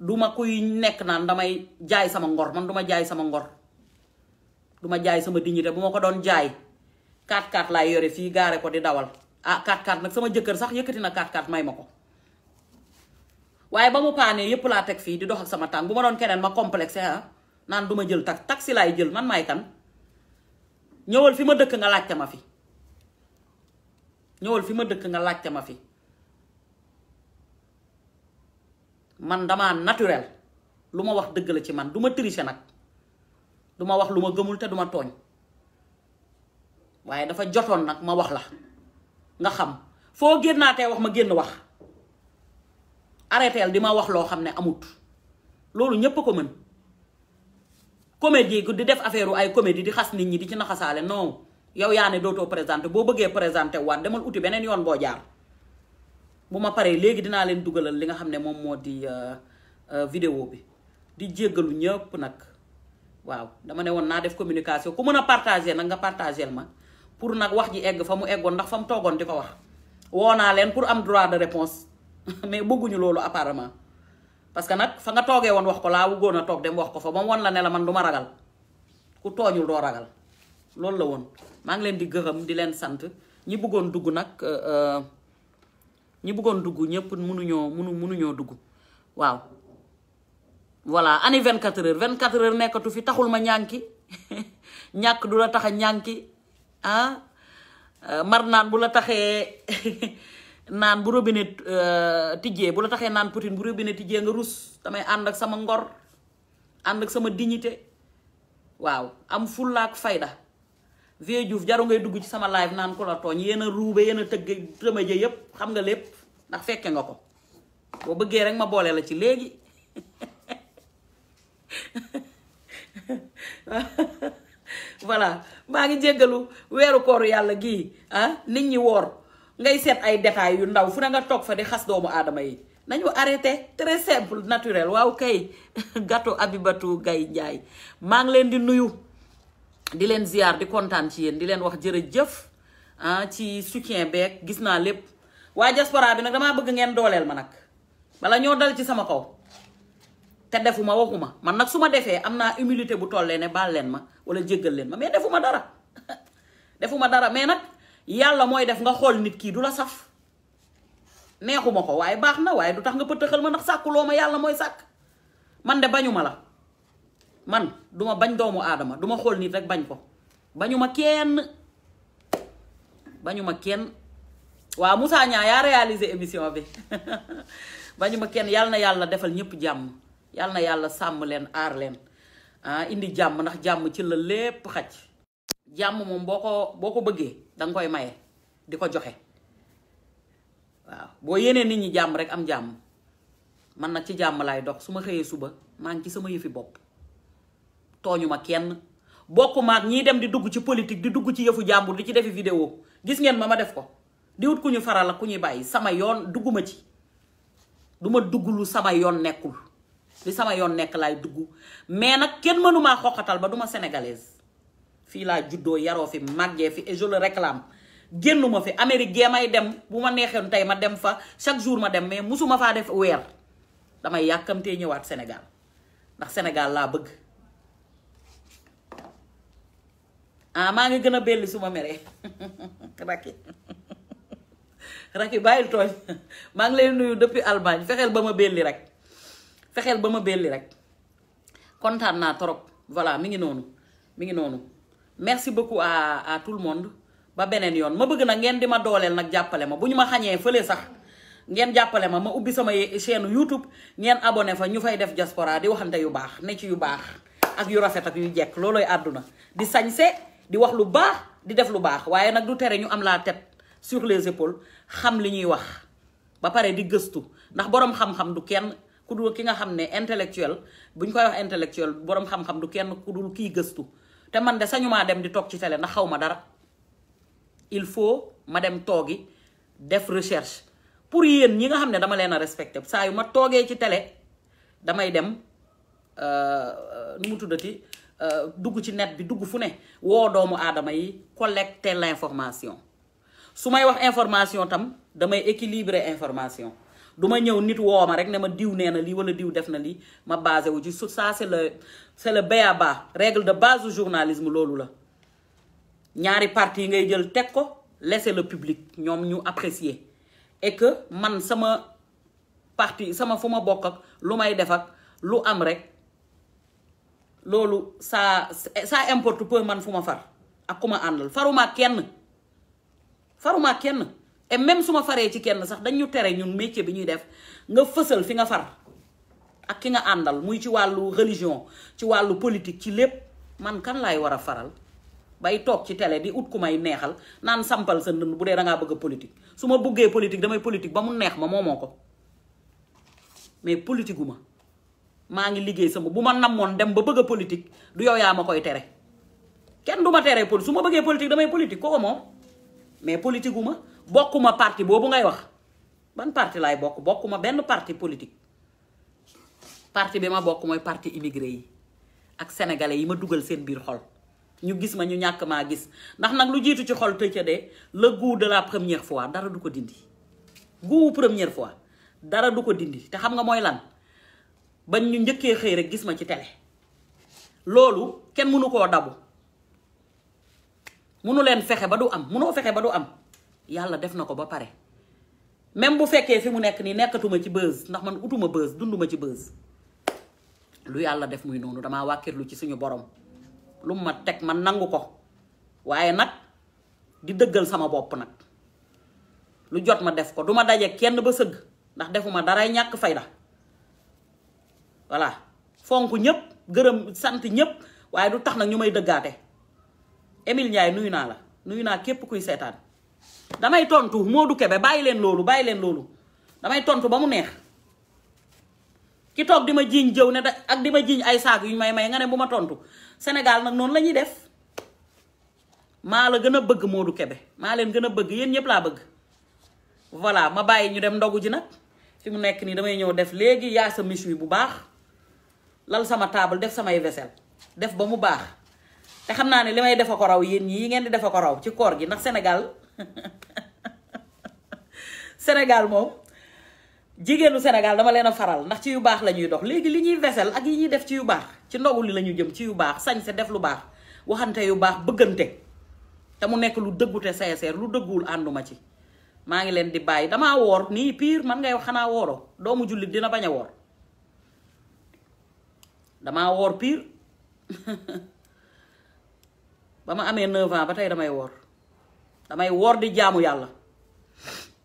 duma kuy nekk naan damay jaay sama ngor man duma jaay sama ngor duma jaay sama dignité bu ma ko doon jaay 4x4 laay yore fii gaare ko di dawal ah 4x4 nag sama jëkkër sax yëkkati na 4 x may ma ko waaye ba mu paanee yépp laa teg fii di dox ak sama tànk bu ma doon keneen ma complexe ah. naan du ma jël tax taxi laay jël man maay kan ñëwal fi ma dëkk nga laajte ma fi ñëwal fi ma dëkk nga laajte ma fi man damaa naturel lu ma wax dëgg la ci man du ma tricher nag du ma wax lu ma gëmul te duma ma tooñ waaye dafa jotoon nag ma wax la nga xam foo génnaatee wax ma génn wax arrêteel di ma wax loo xam ne amut loolu ñépp a ko mën comédie di def affaire ay comédie di xas nit ñi di ci naxasaale non yow yaa ne dootoo présenté boo bëggee présenté waat demal uti beneen yoon boo jaar bu ma paree léegi dinaa leen dugalal li nga xam ne moom moo di euh, euh, vidéo bi di jéggalu ñëpp nag waaw dama ne woon naa def communication ku mën a partager nag nga partagel ma pour nag wax ji egg fa mu eggoon ndax fa mu toogoon di ko wax woo naa leen pour am droit de réponse mais bëgguñu loolu apparemment parce que nag fa nga toogee woon wax ko laa wuggoon a toog dem wax ko fa ba mu won la ne la man du ragal ku tooñul doo ragal loolu la woon maa ngi leen di gërëm di leen sant ñi buggoon dugg nag euh, euh, ñi bëggoon dugg ñëpp mënuñoo mënu mënuñoo dugg waaw voilà ani 24 vint 24 heures nekkatu fi taxul ma ñànki ñàkk du la tax a ñànki ah euh, mar naan bu la taxee naan bu robinet euh, tijjee bu la taxee naan poutine bu robinet tijjee nga rus damay ànd ak sama ngor ànd ak sama dignité waaw am fullaak fayda Vieux Diouf jaru ngay dugg ci sama live naan ku la tooñ yéen a ruube yéen a tëgg tëmëje yépp xam nga lépp ndax fekke nga ko boo bëggee rek ma boole la ci léegi voilà maa ngi jéggalu weeru kooru yàlla gii ah nit ñi woor ngay seet ay détails yu ndaw fu ne nga toog fa di xas doomu aadama yi nañu arrêté très simple naturel waaw kay gâteau Abibatou Gaye Ndiaye maa ngi leen di nuyu di leen ziar di kontaan ci yéen di leen wax jërëjëf ah ci soutien beeg gis naa lépp waa diaspora bi nag damaa bëgg ngeen dooleel ma nag bala ñoo dal ci sama kaw te defuma waxuma man nag su ma defee am naa humilité bu tollee ne baal leen ma wala jëggal leen ma mais defuma dara defuma dara mais nag yàlla mooy def nga xool nit kii du la saf neexuma ko waaye baax na waaye du tax nga pëtëxal ma ndax sàkkuloo ma yàlla mooy sàkk man de bañu ma la man duma bañ doomu aadama duma xool nit rek bañ ko bañu ma kenn bañu ma kenn waaw Moussa Niang yaa réalisé émission bi bañu ma kenn yàlla na yàlla defal ñëpp jàmm yàlla na yàlla sàmm leen aar leen ah indi jàmm ndax jàmm ci la lépp xaj jàmm moom boo ko boo ko bëggee danga koy maye di ko joxe waaw boo yéenee nit ñi jàmm rek am jàmm man nag ci jàmm laay dox su ma xëyee suba maa ngi ci sama yëfi bopp tooñu ma kenn bokkuma ak ñiy dem di dugg ci politique di dugg ci yëfu jàmbur di ci defi vidéo gis ngeen ma ma def ko di wut ku ñu faral ak ku ñuy bàyyi sama yoon dugguma ci duma dugg lu sama yoon nekkul li sama yoon nekk laay dugg mais nag kenn mënumaa xoqatal ba duma sénégalaise fii laa juddoo yaroo fi màggee fi et je le réclame génnuma fi Amérique gee may dem bu ma neexoon tey ma dem fa chaque jour ma dem mais musuma faa def weer damay yàkkamtee ñëwaat Sénégal ndax Sénégal laa bëgg ah maa ngi gën a belli suma ma meree rakki rakki bàyyil tooñ maa ngi lay nuyu depuis Allemagne fexeel ba ma belli rek fexeel ba ma belli rek kontaan naa trop voilà mi ngi noonu mi ngi noonu merci beaucoup à à tout le monde ba beneen yoon ma bëgg na ngeen di ma dooleel nag jàppale ma bu ñu ma xañee fële sax ngeen jàppale ma ma ubbi sama chaîne YouTube ngeen abonné fa ñu fay def diaspora di waxante yu baax ne yu baax ak yu rafet ak yu jekk loolooy àdduna di sañse di wax lu baax di def lu baax waaye nag du tere ñu am laa tête sur les épaules xam li ñuy wax ba pare di gëstu ndax boroom xam-xam du kenn ku dul ki nga xam ne intellectuel bu ñu koy wax intellectuel boroom xam-xam du kenn ku dul kiy gëstu te man de sañu maa dem di toog ci télé ndax xaw ma dara il faut ma dem toogi def recherche pour yéen ñi nga xam ne dama leen a respecté saa yu ma toogee ci tele damay dem euh, nu mu tuddati euh, dugg ci net bi dugg fu ne woo doomu aadama yi collecter l'information su may wax information tam damay équilibrer information du ma ñëw nit woo ma rek ne ma diw nee na lii wala diw def na lii ma basé wu ci su ça c'est le c'est le b.a.-ba règle de base du journalisme loolu la ñaari parti yi ngay jël teg ko laisser le public ñoom ñu apprécier et que man sama parti sama fu ma bokk ak lu may def ak lu am rek loolu saa ça importe peu man fu ma far ak ku ma àndal faruma kenn faruma kenn et même su ma faree ci kenn sax dañu tere ñun métier bi ñuy def nga fësal fi nga far ak ki nga àndal muy ci wàllu religion ci wàllu politique ci lépp man kan laay war a faral bay toog ci télé di ut ku may neexal naan sampal sa ndënd bu dee dangaa bëgg a politique su ma bëggee politique damay politique ba mu neex ma moomoo ko mais ma maa ngi liggéey sama bu ma namoon dem ba bëgg politique du yow yaa ma koy tere kenn du ma teree politique su ma bëggee politique damay politique kooku moom mais politique gu ma bokkuma parti boobu ngay wax ban parti laay bokk bokkuma benn parti politique parti bi ma bokk mooy parti immigré yi ak sénégalais yi ma dugal seen biir xol ñu gis ma ñu ñàkk maa gis ndax nag lu jiitu ci xol tëj de le goût de la première fois dara du ko dindi goût première fois dara du ko dindi te xam nga mooy lan bañ ñu njëkkee xëy rek gis ma ci télé loolu kenn mënu koo dabu mënu leen fexe ba du am mënoo fexe ba du am yàlla def na ko ba pare même bu fekkee fi mu nekk nii nekkatuma ci bës ndax man utuma bës dunduma ci bës lu yàlla def muy noonu damaa wàkkirlu ci suñu borom lu ma teg man nangu ko waaye nag di dëggal sama bopp nag lu jot ma def ko du ma daje kenn ba sëgg ndax defuma daray ñàkk fay fayda voilà fonk ñëpp gërëm sant ñëpp waaye du tax nag ñu may dëggaate Émile Ndiaye nuyu naa la nuyu naa képp kuy seetaan damay tontu Modou Kébé bàyyi leen loolu bàyyi leen loolu damay tontu ba mu neex ki toog di ma jiiñ jëw ne da ak di ma jiiñ ay saak yu may may nga ne bu ma tontu Sénégal nag noonu lañuy def maa la gën a bëgg Modou Kébé maa leen gën a bëgg yéen ñëpp laa bëgg voilà ma bàyyi ñu dem ndogu ji nag fi mu nekk nii damay ñëw def léegi yaa sa miche bu baax lal sama table def samay vaisselle def ba mu baax te xam naa ne li may defa ko raw yéen ñi yi ngeen di defa ko raw ci koor gi ndax Sénégal Sénégal moom jigéenu Sénégal dama leen a faral ndax ci yu baax la ñuy dox léegi li ñuy vesel ak yi ñuy def ci yu baax ci ndogu li la ñu jëm ci yu baax sañse def lu baax waxante yu baax bëggante te mu nekk lu dëggute sincère lu dëgguwul ànduma ci maa ngi leen di bàyyi damaa woor nii piir man ngay xanaa wooroo doomu jullit dina bañ a woor damaa woor piir ba ma amee 9 ba tey damay woor damay woor di jaamu yàlla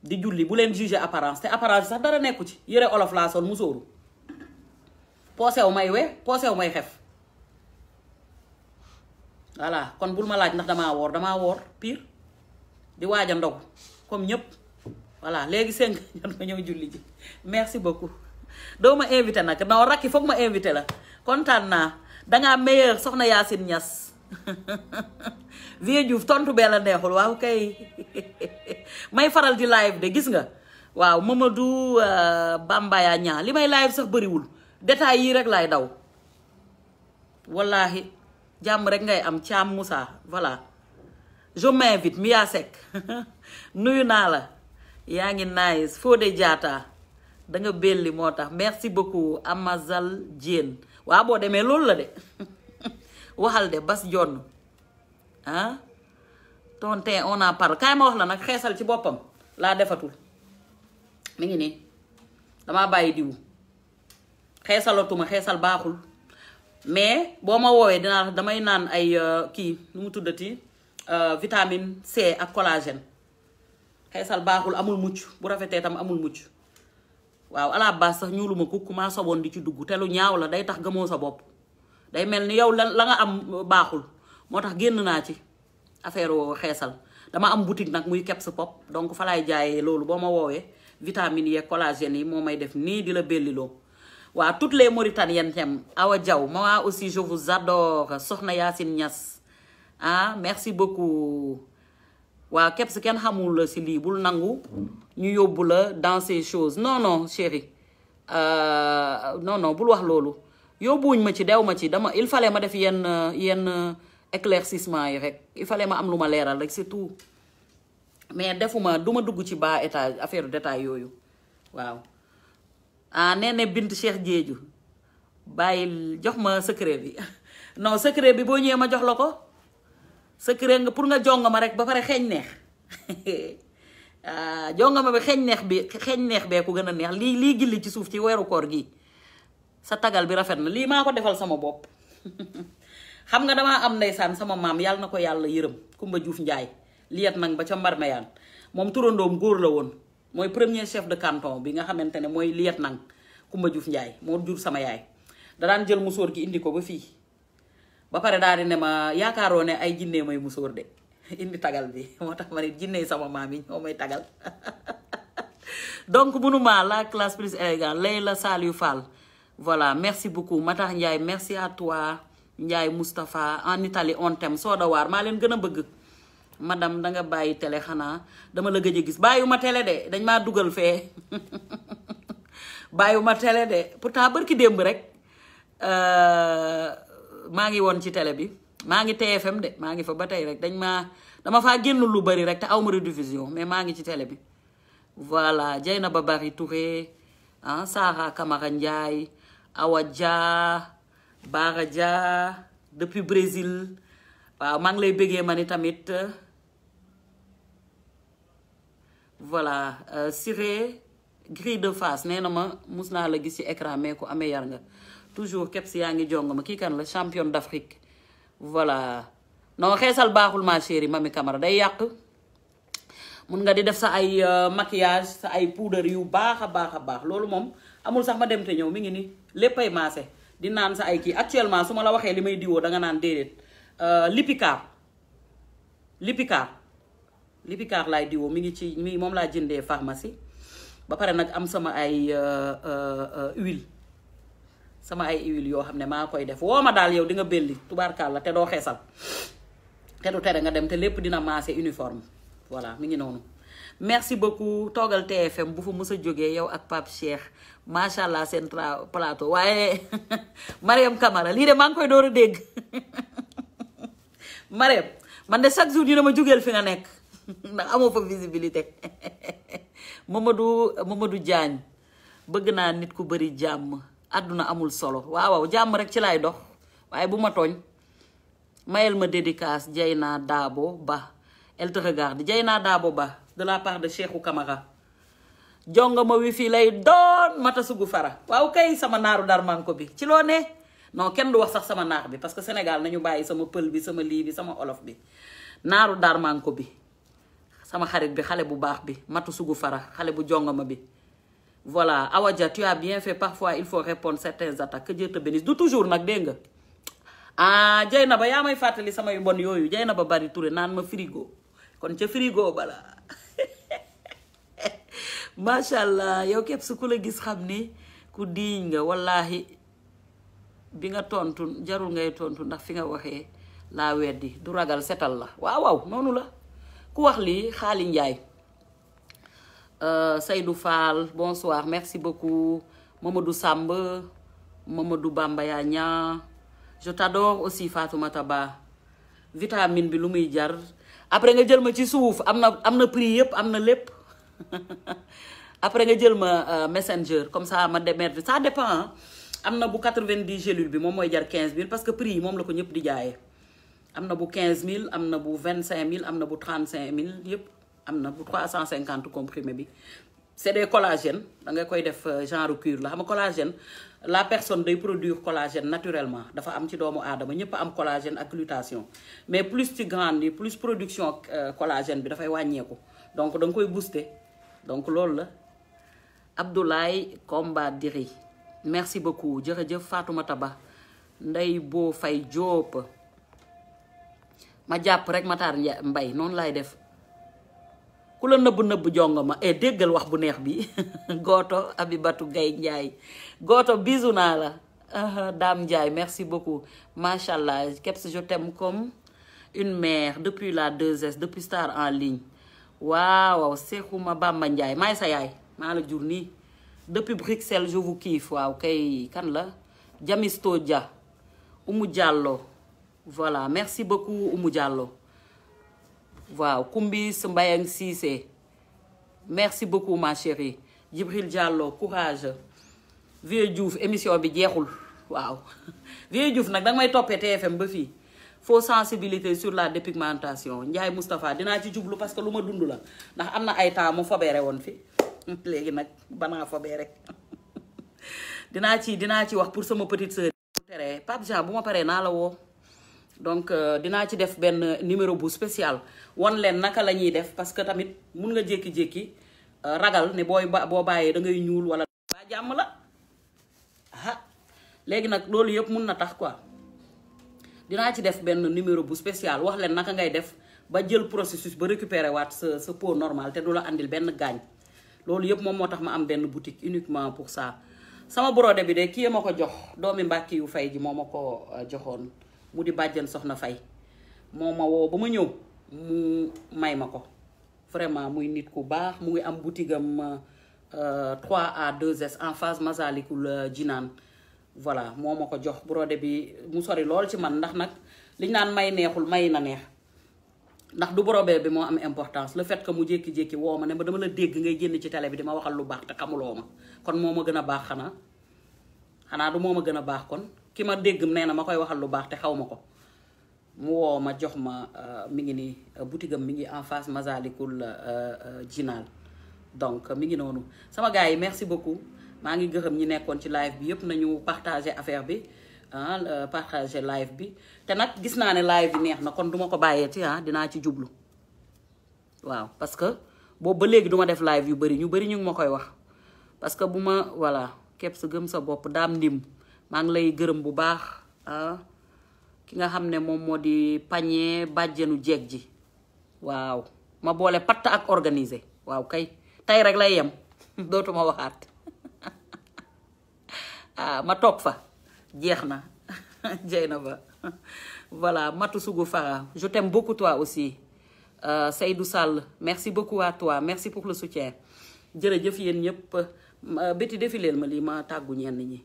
di julli bu leen juger apparence te apparence sax dara nekku ci yére olof laa sol musóoru poosew may we poosew may xef voilà kon bul ma laaj ndax damaa woor damaa woor piir di waaj a ndog comme ñëpp voilà léegi seen jot ma ñëw julli ji merci beaucoup doo ma invité nag non rakki foog ma invité la kontaan naa dangaa meilleur soxna Yacine Niass Vieux Diouf tontu bee la neexul waaw kay may faral di live de gis nga waaw mëma du euh, Bambaya ñaa li may live sax bëriwul détails yii rek laay daw wallahi jàmm rek ngay am Thiam Moussa voilà je m'invite Mia Seck nuyu naa la yaa ngi nice foo Diatta da nga belli moo tax merci beaucoup Amazal Dieng waa boo demee loolu la de waxal de bas jonn ah tonte on en par kaay ma wax la nag xeesal ci boppam laa defatul mu ngi nii damaa bàyyi diw xeesalatuma xeesal baaxul mais boo ma woowee dinaa damay naan ay euh, kii lu mu tuddati euh, vitamine C ak collagène xeesal baaxul amul mucc bu rafetee tam amul mucc waaw à la base sax ñuuluma kukk maa soboon di ci dugg te lu ñaaw la day tax gëmoo sa bopp day mel ni yow la la nga am baaxul moo tax génn naa ci affaire xeesal dama am boutique nag muy Kebs Pop donc fa laay jaayee loolu boo ma woowee vitamines yeeg collagènes yi moo may def nii di la belliloo waa toutes les Mauritaniennes tam Awa Diaw moi aussi je vous adore Soxna Yacine Niass ah merci beaucoup waa Kebs kenn xamul la si lii bul nangu ñu yóbbu la dans ces choses non non chérie euh, non non bul wax loolu yóbbuwuñ ma ci dew ma ci dama il fallait ma def yenn yenn éclaircissement yi rek il fallait ma am lu ma leeral rek c'est mais defuma du ma dugg ci bas étage affaire détail yooyu waaw ah nee ne bint Cheikh Diédiou bàyyil jox ma secret bi non secret bi boo ñëwee ma jox la ko secret nga pour nga jonga ma rek ba pare xeeñ neex ah jonga ma bi xeeñ bi xeeñ neex bee ku gën a neex lii lii gilli ci suuf ci weeru koor gi sa tagal bi rafet na lii maa ko defal sama bopp xam nga damaa am ndeysaan sama maam yàlla na ko yàlla yërëm Kumba Juuf Njaay liyet nag ba ca Mbarmeyaan moom turandoom góor la woon mooy premier chef de canton bi nga xamante ne mooy liyet nag Kumba Juuf Njaay moo jur sama yaay da daan jël musóor gi indi ko ba fii ba pare daal di ne ma yaakaaroo ne ay jinne may musóor de indi tagal bi moo tax ma ne jinne sama maam yi ñoo may tagal donc mënuma la classe plus élégante Layla Saliou voilà merci beaucoup Matar Ndiaye merci à toi Ndiaye Moustapha en Italie on t'aime Soda Waar maa leen gën a bëgg madame danga bàyyi tele xanaa dama la gëj a gis bàyyiwuma télé de dañ maa dugal fee bàyyiwuma télé de pourtant barki démb rek euh, maa ngi woon ci tele bi maa ngi TFM de maa ngi fa ba tey rek dañ maa dama faa génn lu bari rek te aw ma rediffusion mais maa ngi ci télé bi voilà Dieynaba Bari Touré ah Sara Camara Ndiaye Awa Dia Bara depuis Brésil waaw maa ngi lay bëggee ma ni tamit voilà Siré euh, gris de face nee na ma mus naa la gis ci écran mais ku amee yar nga toujours képp yaa ngi jong ma kii kan la championne d'Afrique voilà non xeesal baaxul ma chérie Mamy Camara day yàq mun nga di def sa ay euh, maquillage sa ay puudar yu baax a baax a baax loolu moom amul sax ma dem te ñëw mi ngi ni léppay maase di naan sa ay kii actuellement su ma la waxee li may diwoo danga naan déedéet lipicar euh, lipicar lipicar laay diwoo mi ngi ci mi moom laa jëndee pharmacie ba pare nag am sama ay euh, huile sama ay huile yoo xam ne maa koy def woo ma daal yow dinga nga belli tubaarkaal la te doo xeesal te du tere nga dem te lépp dina maase uniforme voilà mi ngi noonu merci beaucoup toogal TFM bu fa mës a jógee yow ak Pape Cheikh macha allah seen plateau waaye Mariam kamara lii de maa ngi koy door a dégg Mariam man de chaque jour ñu ne ma jógeel fi nga nekk ndax amoo fa visibilité Mamadou Mamadou bëgg naa nit ku bëri jàmm àdduna amul solo waaw jàmm rek ci lay dox waaye bu ma tooñ mayel ma dédicace jay naa daabo ba elle te regarde naa Dabo Ba de la part de Cheikhou Camara jongama wi fii lay doon mata sugu fara waaw kay sama naaru darmanko bi ci loo ne non kenn du wax sax sama naar bi parce que Sénégal nañu bàyyi sama pël bi sama lii bi sama olof bi naaru darmanko bi sama xarit bi xale bu baax bi matu sugu fara xale bu jongama bi voilà Awadja tu as bien fait parfois il faut répondre certaines attaques que Dieu du toujours nag dégg nga ah na ba yaa may fàttali sama yu bon yooyu Dieyna ba bari Touré naan ma frigo kon ca frigo bala macha allah yow képp su ku la gis xam ni ku diiñ nga wallaahi bi nga tontu jarul ngay tontu ndax fi nga waxee laa weddi du ragal setal la waaw waaw noonu la ku wax lii xaali njaay euh, Seydou Fall bonsoir merci beaucoup Mamadou Samb Mamadou Bambaya Nia je t'adore aussi Fatoumata Ba bi lu muy jar après nga jël ma ci suuf am na am na prix yëpp am na lépp après nga jël ma euh, messenger comme ça ma démerde ça dépend am na bu 90 gélule bi moom mooy jar 15000 parce que prix yi moom la ko ñëpp di jaayee am na bu mille am na bu 25000 am na bu 35000 yëpp am na bu 350 comprimé bi c'est des collagènes da nga koy def euh, genre cure la xam nga collagène la personne day produire collagène naturellement dafa am ci doomu aadama ñëpp am collagène ak glutation mais plus ci grande yi plus production euh, collagène bi dafay wàññeeku donc da nga koy booster donc loolu la Abdoulaye Kombadiri merci beaucoup jërëjëf Fatoumata Ba Ndey Boo Fay Jóob ma jàpp rek Matar Mbay noonu laay def ku la nëbb nëbb jongo ma e déggal wax bu neex bi gooto Abibatu Gay Njaay gooto bisu naa la Dame Ndiaye merci beaucoup macha allah Kebs je t'aime comme une mère depuis la 2S depuis Star en ligne waaw Seexuma Bamba Ndiaye maay sa yaay maa la jur nii depuis Bruxelles je vous kiffe waaw kay kan la Jamisto Dia Umu Diallo voilà merci beaucoup Umu Diallo waaw Kumbis Mbayang Cissé merci beaucoup ma chérie Djibril Diallo courage Vieux Diouf émission bi jeexul waaw Vieux Diouf nag danga may toppee TFM ba fii foo sensibilité sur la dépigmentation Ndiaye Moustapha dinaa ci jublu parce que lu ma dund la ndax am na ay temps mu fobeere woon fi léegi nag banaa fobee rek dinaa ci dinaa ci wax pour sama petite sœur bu Jean bu ma paree naa la woo donc euh, dinaa ci def benn numéro bu spécial won leen naka la ñuy def parce que tamit mun nga jékki-jékki euh, ragal ne booy ba boo bàyyee da ngay ñuul wala ba jàmm la ah léegi nag loolu yëpp mun na tax quoi dinaa ci def benn numéro bu spécial wax leen naka ngay def ba jël processus ba récupérer waat sa sa peau normale te du la andil benn gaañ loolu yëpp moom moo tax ma am benn boutique uniquement pour saa sama brodé bi de kii ma ko jox doomi mbàkki yu fay ji moom ma ko euh, joxoon mu di bàjjan soxna fay moo ma woo ba ma ñëw mu may ma ko vraiment muy nit ku baax mu ngi am boutique am 3 à 2S en face Masalikul euh, Jinaan voilà moo ma ko jox brodé bi mu sori lool ci man ndax nag liñ naan may neexul may na neex ndax du brodé bi moo am importance la fait que mu jékki-jékki woo ma ne ma dama la dégg ngay génn ci télé bi dama waxal lu baax te xamuloo ma kon moo ma gën a baax xanaa xanaa du moo ma gën a baax kon ki ma dégg nee na ma koy waxal lu baax te xaw ma ko mu woo ma jox ma euh, mi ngi nii euh, boutique am mi ngi en face Masalikul euh, Jinaan donc mi ngi noonu sama gars yi merci beaucoup maa ngi gërëm ñi nekkoon ci live bi yëpp nañu partager affaire bi ah partager live bi te nag gis naa ne live bi neex na kon duma ko bàyyee ti ah dinaa ci jublu waaw parce que boobu ba léegi duma def live yu bëri ñu bëri ñu ngi ma koy wax parce que bu ma voilà képp sa gëm sa bopp daam ndim maa ngi lay gërëm bu baax ah ki nga xam ne moom moo di pañe bàjjeenu jeeg ji waaw ma boole patt ak organiser waaw kay tey rek lay yem dootuma waxaat ah ma toog fa jeex na jeey na ba voilà matu Sougou Farah je t'aime toi aussi euh, Seydou sàll merci beaucoup à toi merci pour le soutien jërëjëf yéen ñëpp ah, béti défileel ma lii ma tàggu ñenn ñi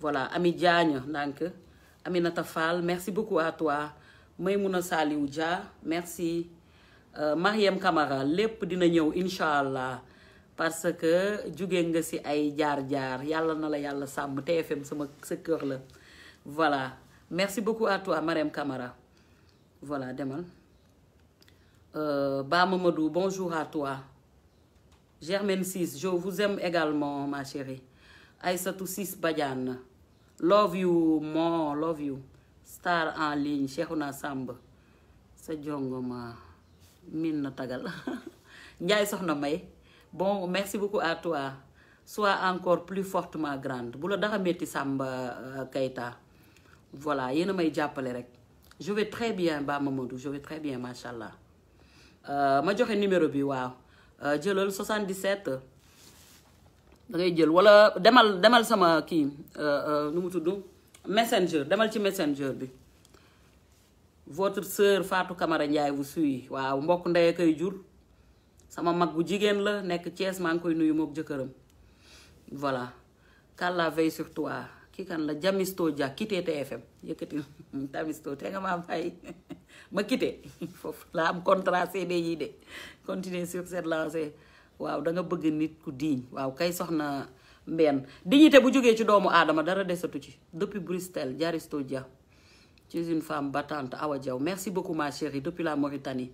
voilà Ami Diagne ndànk Aminata Fall merci beaucoup à toi a Saliou Dia merci euh, Mariam Camara lépp dina ñëw incha allah parce que jóge nga ci ay jaar-jaar yàlla na la yàlla sàmm TFM sama sa kër la voilà merci beaucoup à toi Mariam Camara voilà demal euh, Ba Mamadou bonjour à toi Germaine Ciss je vous aime également ma chérie Aïssatou Ciss Badiane love you moo love you star en ligne Cheikhouna Samb sa jongoma min na tagal Ndiaye soxna May bon merci beaucoup à toi soit encore plus fortement grande bu la dara metti Samba euh, Keita voilà yéen a may jàppale rek je vais très bien Ba Mamadou je vais très bien macha allah euh, ma joxe numéro bi waaw euh, jëlal 77. da ngay jël wala demal demal sama kii euh, euh, nu mu tudd messenger demal ci messenger bi votre sœur Fatou Camara Ndiaye vous suit waaw mbokk ndey koy jur sama mag bu jigéen la nekk Thiès maa ngi koy nuyu mook jëkkëram voilà kàlla veille sur toi kii kan la jamisto ja quitté TFM yëkkati jamisto te nga maa bàyyi ma quitté foofu laa am contrat CD yi de continuer sur cette waaw da nga bëgg nit ku diiñ waaw kay soxna mbenn dignité bu jógee ci doomu aadama dara desatu ci depuis Bruxelles Jaristo Dia ci une femme battante Awa Diaw merci beaucoup ma chérie depuis la Mauritanie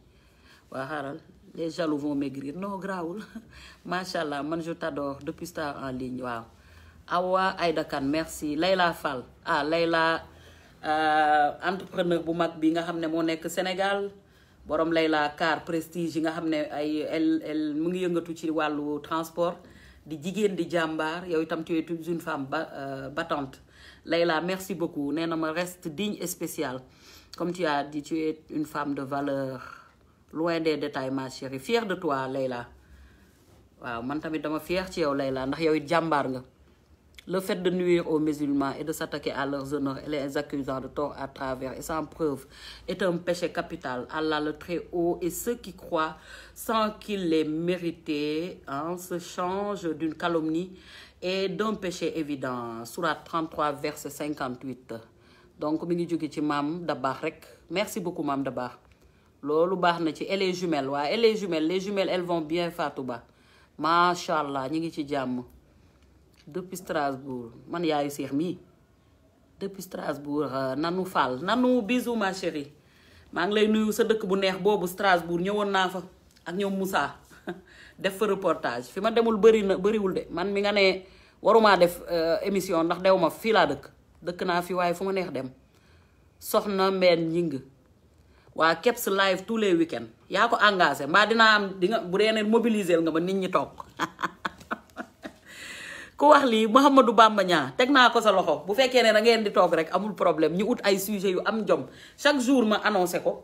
waa xaaral les jaloux vont maigrir non grawul macha allah man je t'adore depuis star en ligne waaw Awa Aïda merci Layla Fall ah Layla euh, entrepreneur bu mag bi nga xam ne moo nekk Sénégal borom Layla car prestige yi nga xam ne ay el el mu ngi yëngatu ci wàllu transport di jigéen di jàmbaar yow itam tu es une femme euh, battante Layla merci beaucoup nee na ma rest digne et spéciale comme tu as dit tu es une femme de valeur loin des détails ma chérie fière de toi Layla waaw man tamit dama fier ci yow laylaa ndax yow it jàmbaar nga. Le fait de nuire aux musulmans et de s'attaquer à leurs honneurs et les accusant de tort à travers et sans preuve est un péché capital. Allah le Très-Haut et ceux qui croient sans qu'ils les méritaient hein, se changent d'une calomnie et d'un péché évident. Surat 33, verset 58. Donc, mi ngi jóge ci maam Dabakh rek merci beaucoup maam Dabakh loolu baax na ci et les jumelles waa et les jumelles les jumelles elles vont bien Fatou Ba macha allah ñu ngi ci jàmm. depuis Strasbourg man yaayu seex mii depuis Strasbourg euh, nanu Fall nanu bisou ma chérie maa ngi lay nuyu sa dëkk bu neex boobu Strasbourg ñëwoon naa fa ak ñoom Moussa def fa reportage fi ma demul bëri na bëriwul de man mi nga ne warumaa def euh, émission ndax dew ma fii laa dëkk dëkk naa fi waaye fu ma neex dem soxna mbenn ñing waa Kebs live tous les week yaa ko engagé mbaa dinaa am di nga bu dee ne mobiliser nga ma nit ñi toog ku wax lii Mouhamadou Bamba Niang teg naa ko sa loxo bu fekkee ne da ngeen di toog rek amul problème ñu ut ay sujet yu am jom chaque jour ma annoncé ko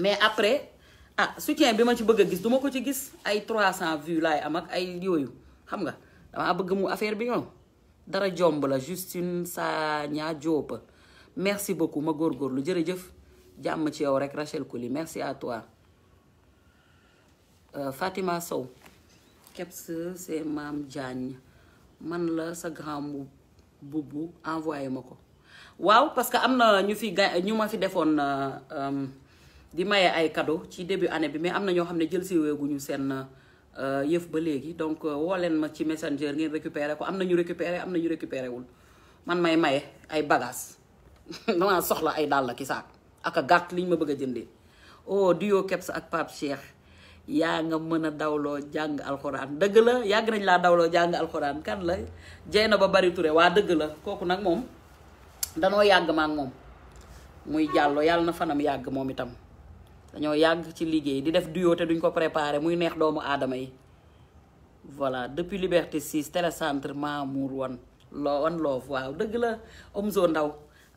mais après ah soutien bi ma ci bëgg a gis duma ko ci gis ay 300 vues laay am ak ay yooyu xam nga damaa bëgg mu affaire bi yow dara jomb la Justine Sagna Diop merci beaucoup ma góorgóorlu jëf jàmm ci yow rek Rachel Koli merci à toi euh, Fatima Sow Kebs c'est Mame Diagne man la sa grand mbubb envoyé ma ko waaw parce que am na ñu fi ga ñu ma fi defoon euh, euh, di maye ay cadeau ci début anne bi mais am na ñoo xam ne jël si weeguñu seen euh, yëf ba léegi donc woo leen ma ci messenger ngeen récupérer ko am na ñu récupérer am na ñu récupérer wul man may maye ay bagages damaa soxla ay dàll ki saak ak a li ñu ma bëgg a jëndee oh duo Kebs ak Pape Cheikh yaa nga mën a dawloo jàng alxuraan dëgg la yàgg nañ laa dawloo jàng alxuraan kan la jey na ba bari ture waa dëgg la kooku nag moom danoo yàgg maak moom muy jàllo yàlla na fanam yàgg moom itam dañoo yàgg ci liggéey di def duo te duñ ko préparé muy neex doomu aadama yi voilà depuis Liberté 6 télécentre Mamour wan loo wan loof waaw dëgg la Omzo Ndaw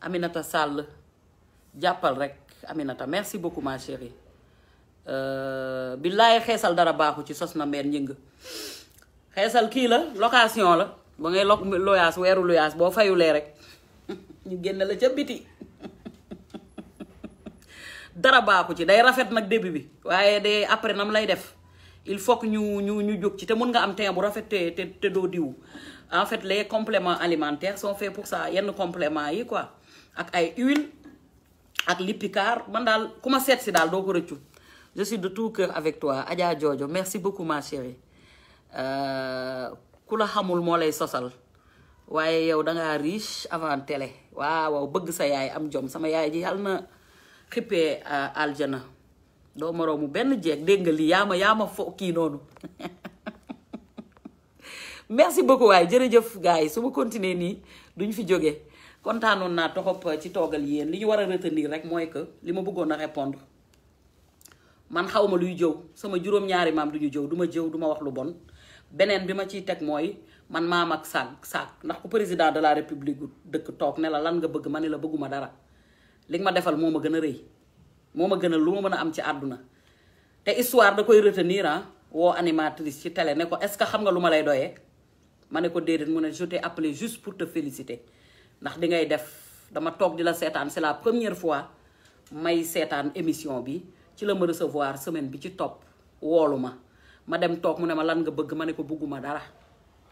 Aminata Sall jàppal rek Aminata merci beaucoup ma chérie Euh, billaay xeesal dara baaxu ci sos na meer njëng xeesal kii la location la ba ngay lok weeru loyaas boo fayulee rek ñu génn la ca biti dara baaxu ci day rafet nag début bi waaye de après nam lay def il faut que ñu ñu ñu jóg ci te mën nga am teint bu rafet te te doo diw en fait les compléments alimentaires sont pour ça yenn compléments yi quoi ak ay huile ak lipikaar man daal ku ma seet si daal doo ko rëccu je de tout cœur avec toi Adja Jojo merci beaucoup ma euh, ku la xamul moo lay sosal waaye yow dangaa riche avant télé waaw bëgg sa yaay am jom sama yaay ji yàlla na xippee euh, aljana doo moroomu benn jeeg dégg nga lii yaa ma yaa ma fo kii noonu merci beaucoup waaye jërëjëf gars yi su ma continuer nii duñ fi jóge kontaanoon naa toxop ci toogal yéen li ñu war a retenir rek mooy que li ma bëggoon a répondre man xawma luy jëw sama juróom-ñaari maam du ñu jëw duma ma jëw du wax lu bon beneen bi ma ciy teg mooy man maam ak saak saak ndax ku président de la république dëkk toog ne la lan nga bëgg ma ne la bëgguma dara li ma defal moo ma gën a rëy moo ma gën a lu ma mën a am ci àdduna te histoire da koy retenir ah woo animatrice ci télé ne ko est-ce que xam nga lu ma lay doyee ma ne ko déedéet mu ne je t'ai appelé juste pour te féliciter ndax di ngay def dama toog di la seetaan c'est la première fois may seetaan émission bi ci la ma recevoir semaine bi ci topp woolu ma ma dem toog mu ne ma lan nga bëgg ma ne ko bëgguma dara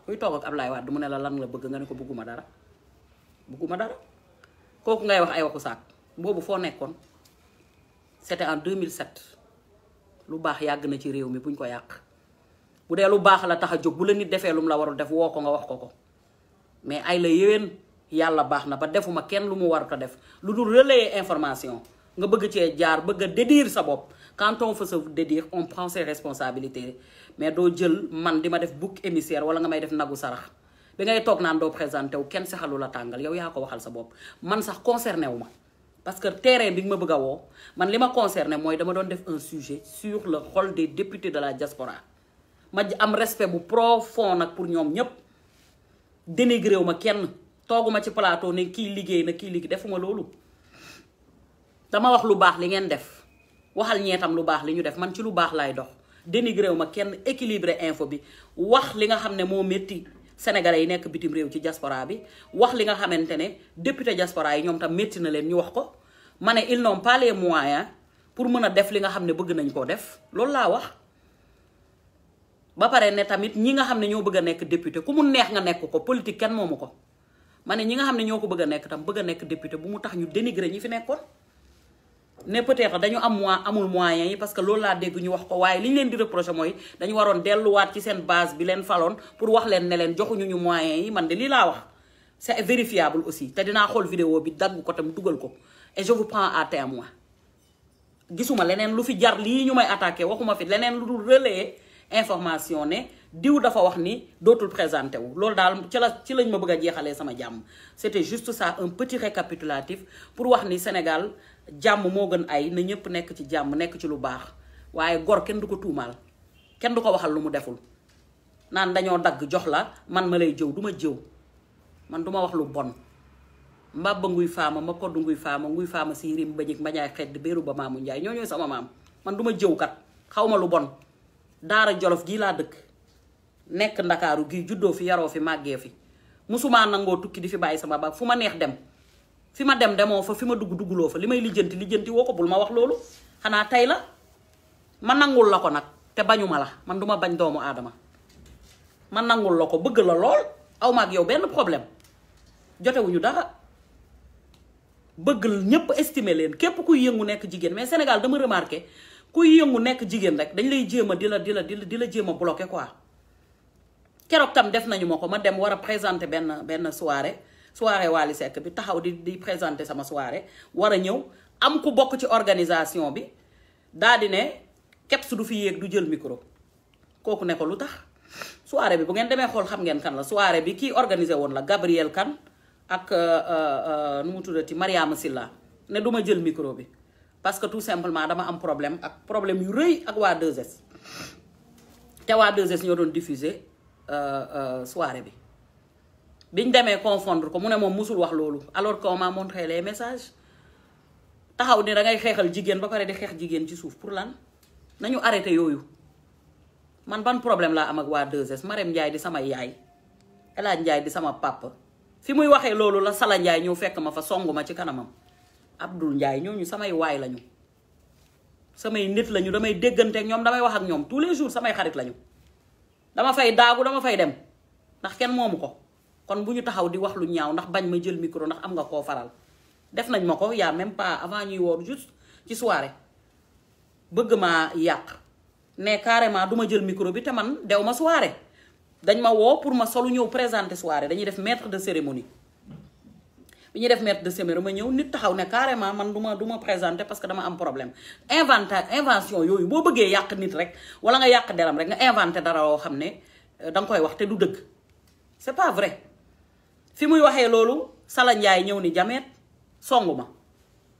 kuy toog ak Ablaye Wade mu ne la lan la bëgg nga ne ko bëgguma dara bëgguma dara kooku ngay wax ay waxu saak boobu foo nekkoon c'était en 2007 lu baax yàgg na ci réew mi buñ ko yàq bu dee lu baax la tax a jóg bu la nit defee lum la warul def woo ko nga wax ko ko mais ay la yéwén yàlla baax na ba defuma kenn lu mu war a def lu dul relayer information nga bëgg cee jaar bëgg a dédire sa bopp quand on veut se dédire on prend responsabilité mais doo jël man di ma def bouc émissaire wala nga may def nagu sarax bi ngay toog naan doo présenté wu kenn saxalu la tàngal yow yaa ko waxal sa bopp man sax concerné wu ma parce que terrain bi nga ma bëgg a woo man li ma concerné mooy dama doon def un sujet sur le rôle de député de la jaspora ma am respect bu profond nag pour ñoom ñépp dénigré wu ma kenn tooguma ci plateau ne kii liggéey na kii liggéey defuma loolu dama wax lu baax li ngeen def waxal ñeetam lu baax li ñu def man ci lu baax laay dox dénigré wu ma kenn équilibré info bi wax li nga xam ne moo métti sénégalais yi nekk bitim réew ci diaspora bi wax li nga xamante ne député diaspora yi ñoom tam métti na leen ñu wax ko ma ne ils n'ont pas les moyens pour mën a def li nga xam ne bëgg nañ koo def loolu laa wax ba pare ne tamit ñi nga xam ne ñoo bëgg a nekk député ku mu neex nga nekk ko politique kenn moomu ko ma ne nga xam ne ñoo ko nekk tam bëgg nekk député bu mu tax ñu dénigré ñi fi nekkoon ne peut-être dañu am moyen amul moyen yi parce que loolu laa dégg ñu wax ko waaye li ñu leen di reproché mooy dañu waroon delluwaat ci seen base bi leen faloon pour wax leen ne leen joxuñu ñu moyen yi man de lii laa wax c'est vérifiable aussi te dinaa xool vidéo bi dagg ko tam dugal ko et je vous prends à témoin gisuma leneen lu fi jar lii ñu may attaqué waxuma fi leneen lu dul relayer information ne diw dafa wax ni dootul présenté wu loolu daal ci la ci lañ ma bëgg a jeexalee sama jàmm c'était juste ça un petit récapitulatif pour wax ni Sénégal jàmm moo gën ay na ñëpp nekk ci jàmm nekk ci lu baax waaye gor kenn du ko tuumaal kenn du ko waxal lu mu deful naan dañoo dagg jox la man ma lay jëw duma jëw man duma wax lu bon mbàbba nguy faama ma kodd nguy faama nguy faama si rim bañik mbañaay xedd béeru ba maamu njaay ñoo ñooy sama maam man du ma kat xaw ma lu bon daara jolof gii laa dëkk nekk ndakaaru gii juddoo fi yaroo fi màggee fi musumaa nangoo tukki di fi bàyyi sama baag fu ma neex dem fi ma dem demoo fa fi ma dugg dugguloo fa li may lijjanti lijjanti woo ko bul ma wax loolu xanaa tey la ma nangul la ko nag te bañu ma la man du ma bañ doomu aadama ma nangul la ko bëgg la lool aw ma ak yow benn problème jotewuñu dara bëgg ñépp estimer leen képp kuy yëngu nekk jigéen mais Sénégal dama remarqué kuy yëngu nekk jigéen rek dañ lay jéem a di la di la di la di la jéem a bloqué quoi keroog tam def nañu ma ko ma dem war a présenter benn benn soirée soirée Wally Seck bi taxaw di di présenter sama soirée war a ñëw am ku bokk ci organisation bi daa di ne Kebs du fi yéeg du jël micro kooku ne ko lu tax soirée bi bu ngeen demee xool xam ngeen kan la soirée bi kii organisé woon la Gabriel Kane ak euh, euh, euh, nu mu tuddati Mariama Silla ne du ma jël micro bi parce que tout simplement dama am problème ak problème yu rëy ak waa 2S te waa 2 ñoo doon diffuser soirée bi biñ demee confondre ko mu ne moom mosul wax loolu alors qu'on m'a montré les message taxaw ni da ngay xeexal jigéen ba pare di xeex jigéen ci suuf pour lan nañu arrêté yooyu man ban problème laa am ak waa deux s Marème Ndiaye di sama yaay El Hadj di sama papa fi muy waxee loolu la Sala njaay ñëw fekk ma fa songu ma ci kanamam Abdoul Ndiaye ñooñu samay waay lañu samay nit lañu damay déggante ak ñoom damay wax ak ñoom tous les jours samay xarit lañu dama fay daagu dama fay dem ndax kenn moomu ko. kon bu ñu taxaw di wax lu ñaaw ndax bañ ma jël micro ndax am nga koo faral def nañ ma ko yaa même pas avant ñuy woor juste ci soirée bëgg maa yàq ne carrément du ma jël micro bi te man dew ma soirée dañ ma woo pour ma solu ñëw présenter soirée dañuy def maitre de cérémonie bi ñu def maître de cérémonie ma ñëw nit taxaw ne carrément man du ma du ma présenter parce que dama am problème inventa invention yooyu boo bëggee yàq nit rek wala nga yàq deram rek nga inventé dara loo xam ne euh, da koy wax du dëgg c'est pas fi muy waxee loolu Sala Ndiaye ñëw ni jameet songu ma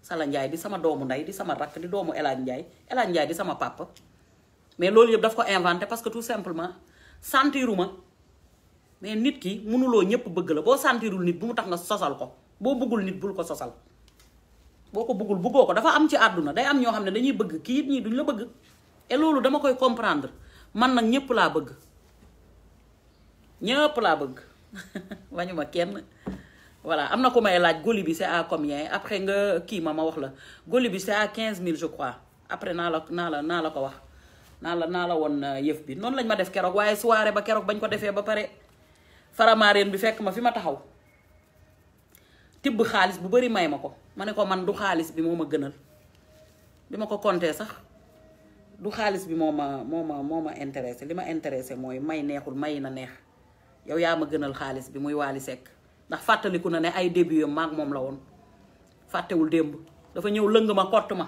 Sala Ndiaye di sama doomu ndey di sama rakk di doomu El Hadj Ndiaye El di sama papa mais loolu yëpp daf ko inventé parce que tout simplement ma mais nit ki mënuloo ñëpp bëgg la boo sentirul nit bu mu tax nga sosal ko boo bëggul nit bul ko sosal boo ko buggul buggoo ko dafa am ci àdduna day am ñoo xam ne dañuy bëgg kii it ñii duñ la bëgg et loolu dama koy comprendre man nag ñëpp laa bëgg ñëpp laa bëgg wañu ma kenn voilà am na ko may laaj goli bi c'est à combien après nga kii ma ma wax la goli bi c'est à 15000 je crois après naa la naa la naa la ko wax naa la naa la woon euh, yëf bi noonu lañ ma def keroog waaye soirée ba keroog bañ ko defee ba pare faramaareen bi fekk ma fi ma taxaw tibb xaalis bu bari may ma ko ma ne ko man du xaalis bi moo ma gënal bi ma ko compter sax du xaalis bi moo ma moo ma moo ma intéressé li ma intéressé mooy may neexul may na neex yow yaa ma gënal xaalis bi muy Wally sekk ndax fàttaliku na ne ay début yam maag moom la woon fàttewul démb dafa ñëw lëng ma kott ma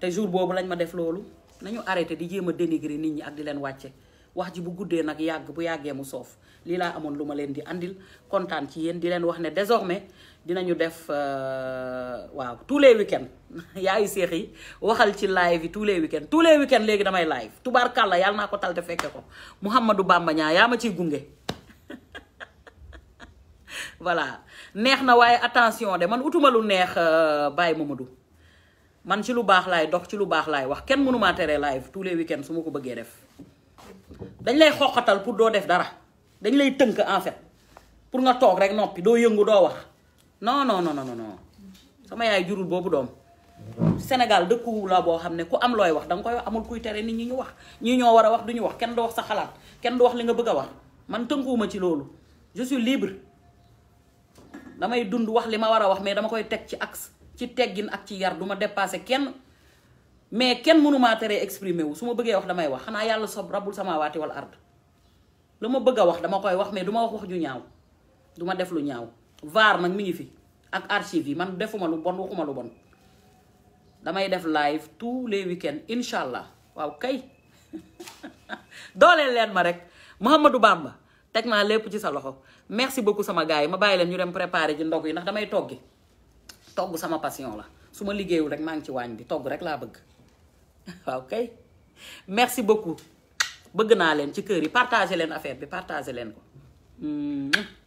te jour boobu lañ ma def loolu nañu arrêté di jéem a dénigrer nit ñi ak di leen wàcce wax ji bu guddee nag yàgg bu yàggee mu soof lii laa amoon lu ma leen di andil kontaan ci yéen di leen wax ne désormais dinañu def euh, waaw tous les week-ends yaayu seex yi waxal ci live yi tous les week-ends tous les week léegi damay live tubaarkàlla yàlla naa ko tal te fekke ko Mouhamadou Bamba ñaa yaa ma ciy gunge voilà neex na waaye attention de man utuma lu neex bàyyi mu du man ci lu baax laay dox ci lu baax laay wax kenn mënumaa tere live tous les su ma ko bëggee def dañ lay xoqatal pour doo def dara dañ lay tënk en fait pour nga toog rek noppi doo yëngu doo wax non no non non non sama yaay jurul boobu doom Sénégal dëkku la boo xam ne ku am looy wax danga koy wax amul kuy tere ni ñi ñu wax ñi ñoo war a wax du ñu wax kenn du wax sa xalaat kenn du wax li nga bëgg a wax man tënkuwuma ci loolu je suis libre damay dund wax li ma war a wax mais dama koy teg ci axe ci teggin ak ci yar du ma dépassé kenn mais kenn mënumaa teree exprimer wu su ma bëggee wax damay wax xanaa yàlla sob rabbul samaawaati wal ard lu ma bëgg a wax dama koy wax mais du ma wax wax ju ñaaw du ma def lu ñaaw vaar nag mi ngi fi ak archive yi man defuma lu bon waxuma lu bon damay def live tous les week-ends incha allah waaw kay dooleel leen ma rek baam Bamba teg naa lépp ci sa loxo merci beaucoup sama gars yi ma bàyyi leen ñu dem préparer ji ndog yi ndax damay toggi togg sama passion la su ma rek maa ngi ci waañ bi togg rek laa bëgg waaw ah, kay merci beaucoup bëgg naa leen ci kër yi partager leen affaire bi partager leen ko. Mm-hmm.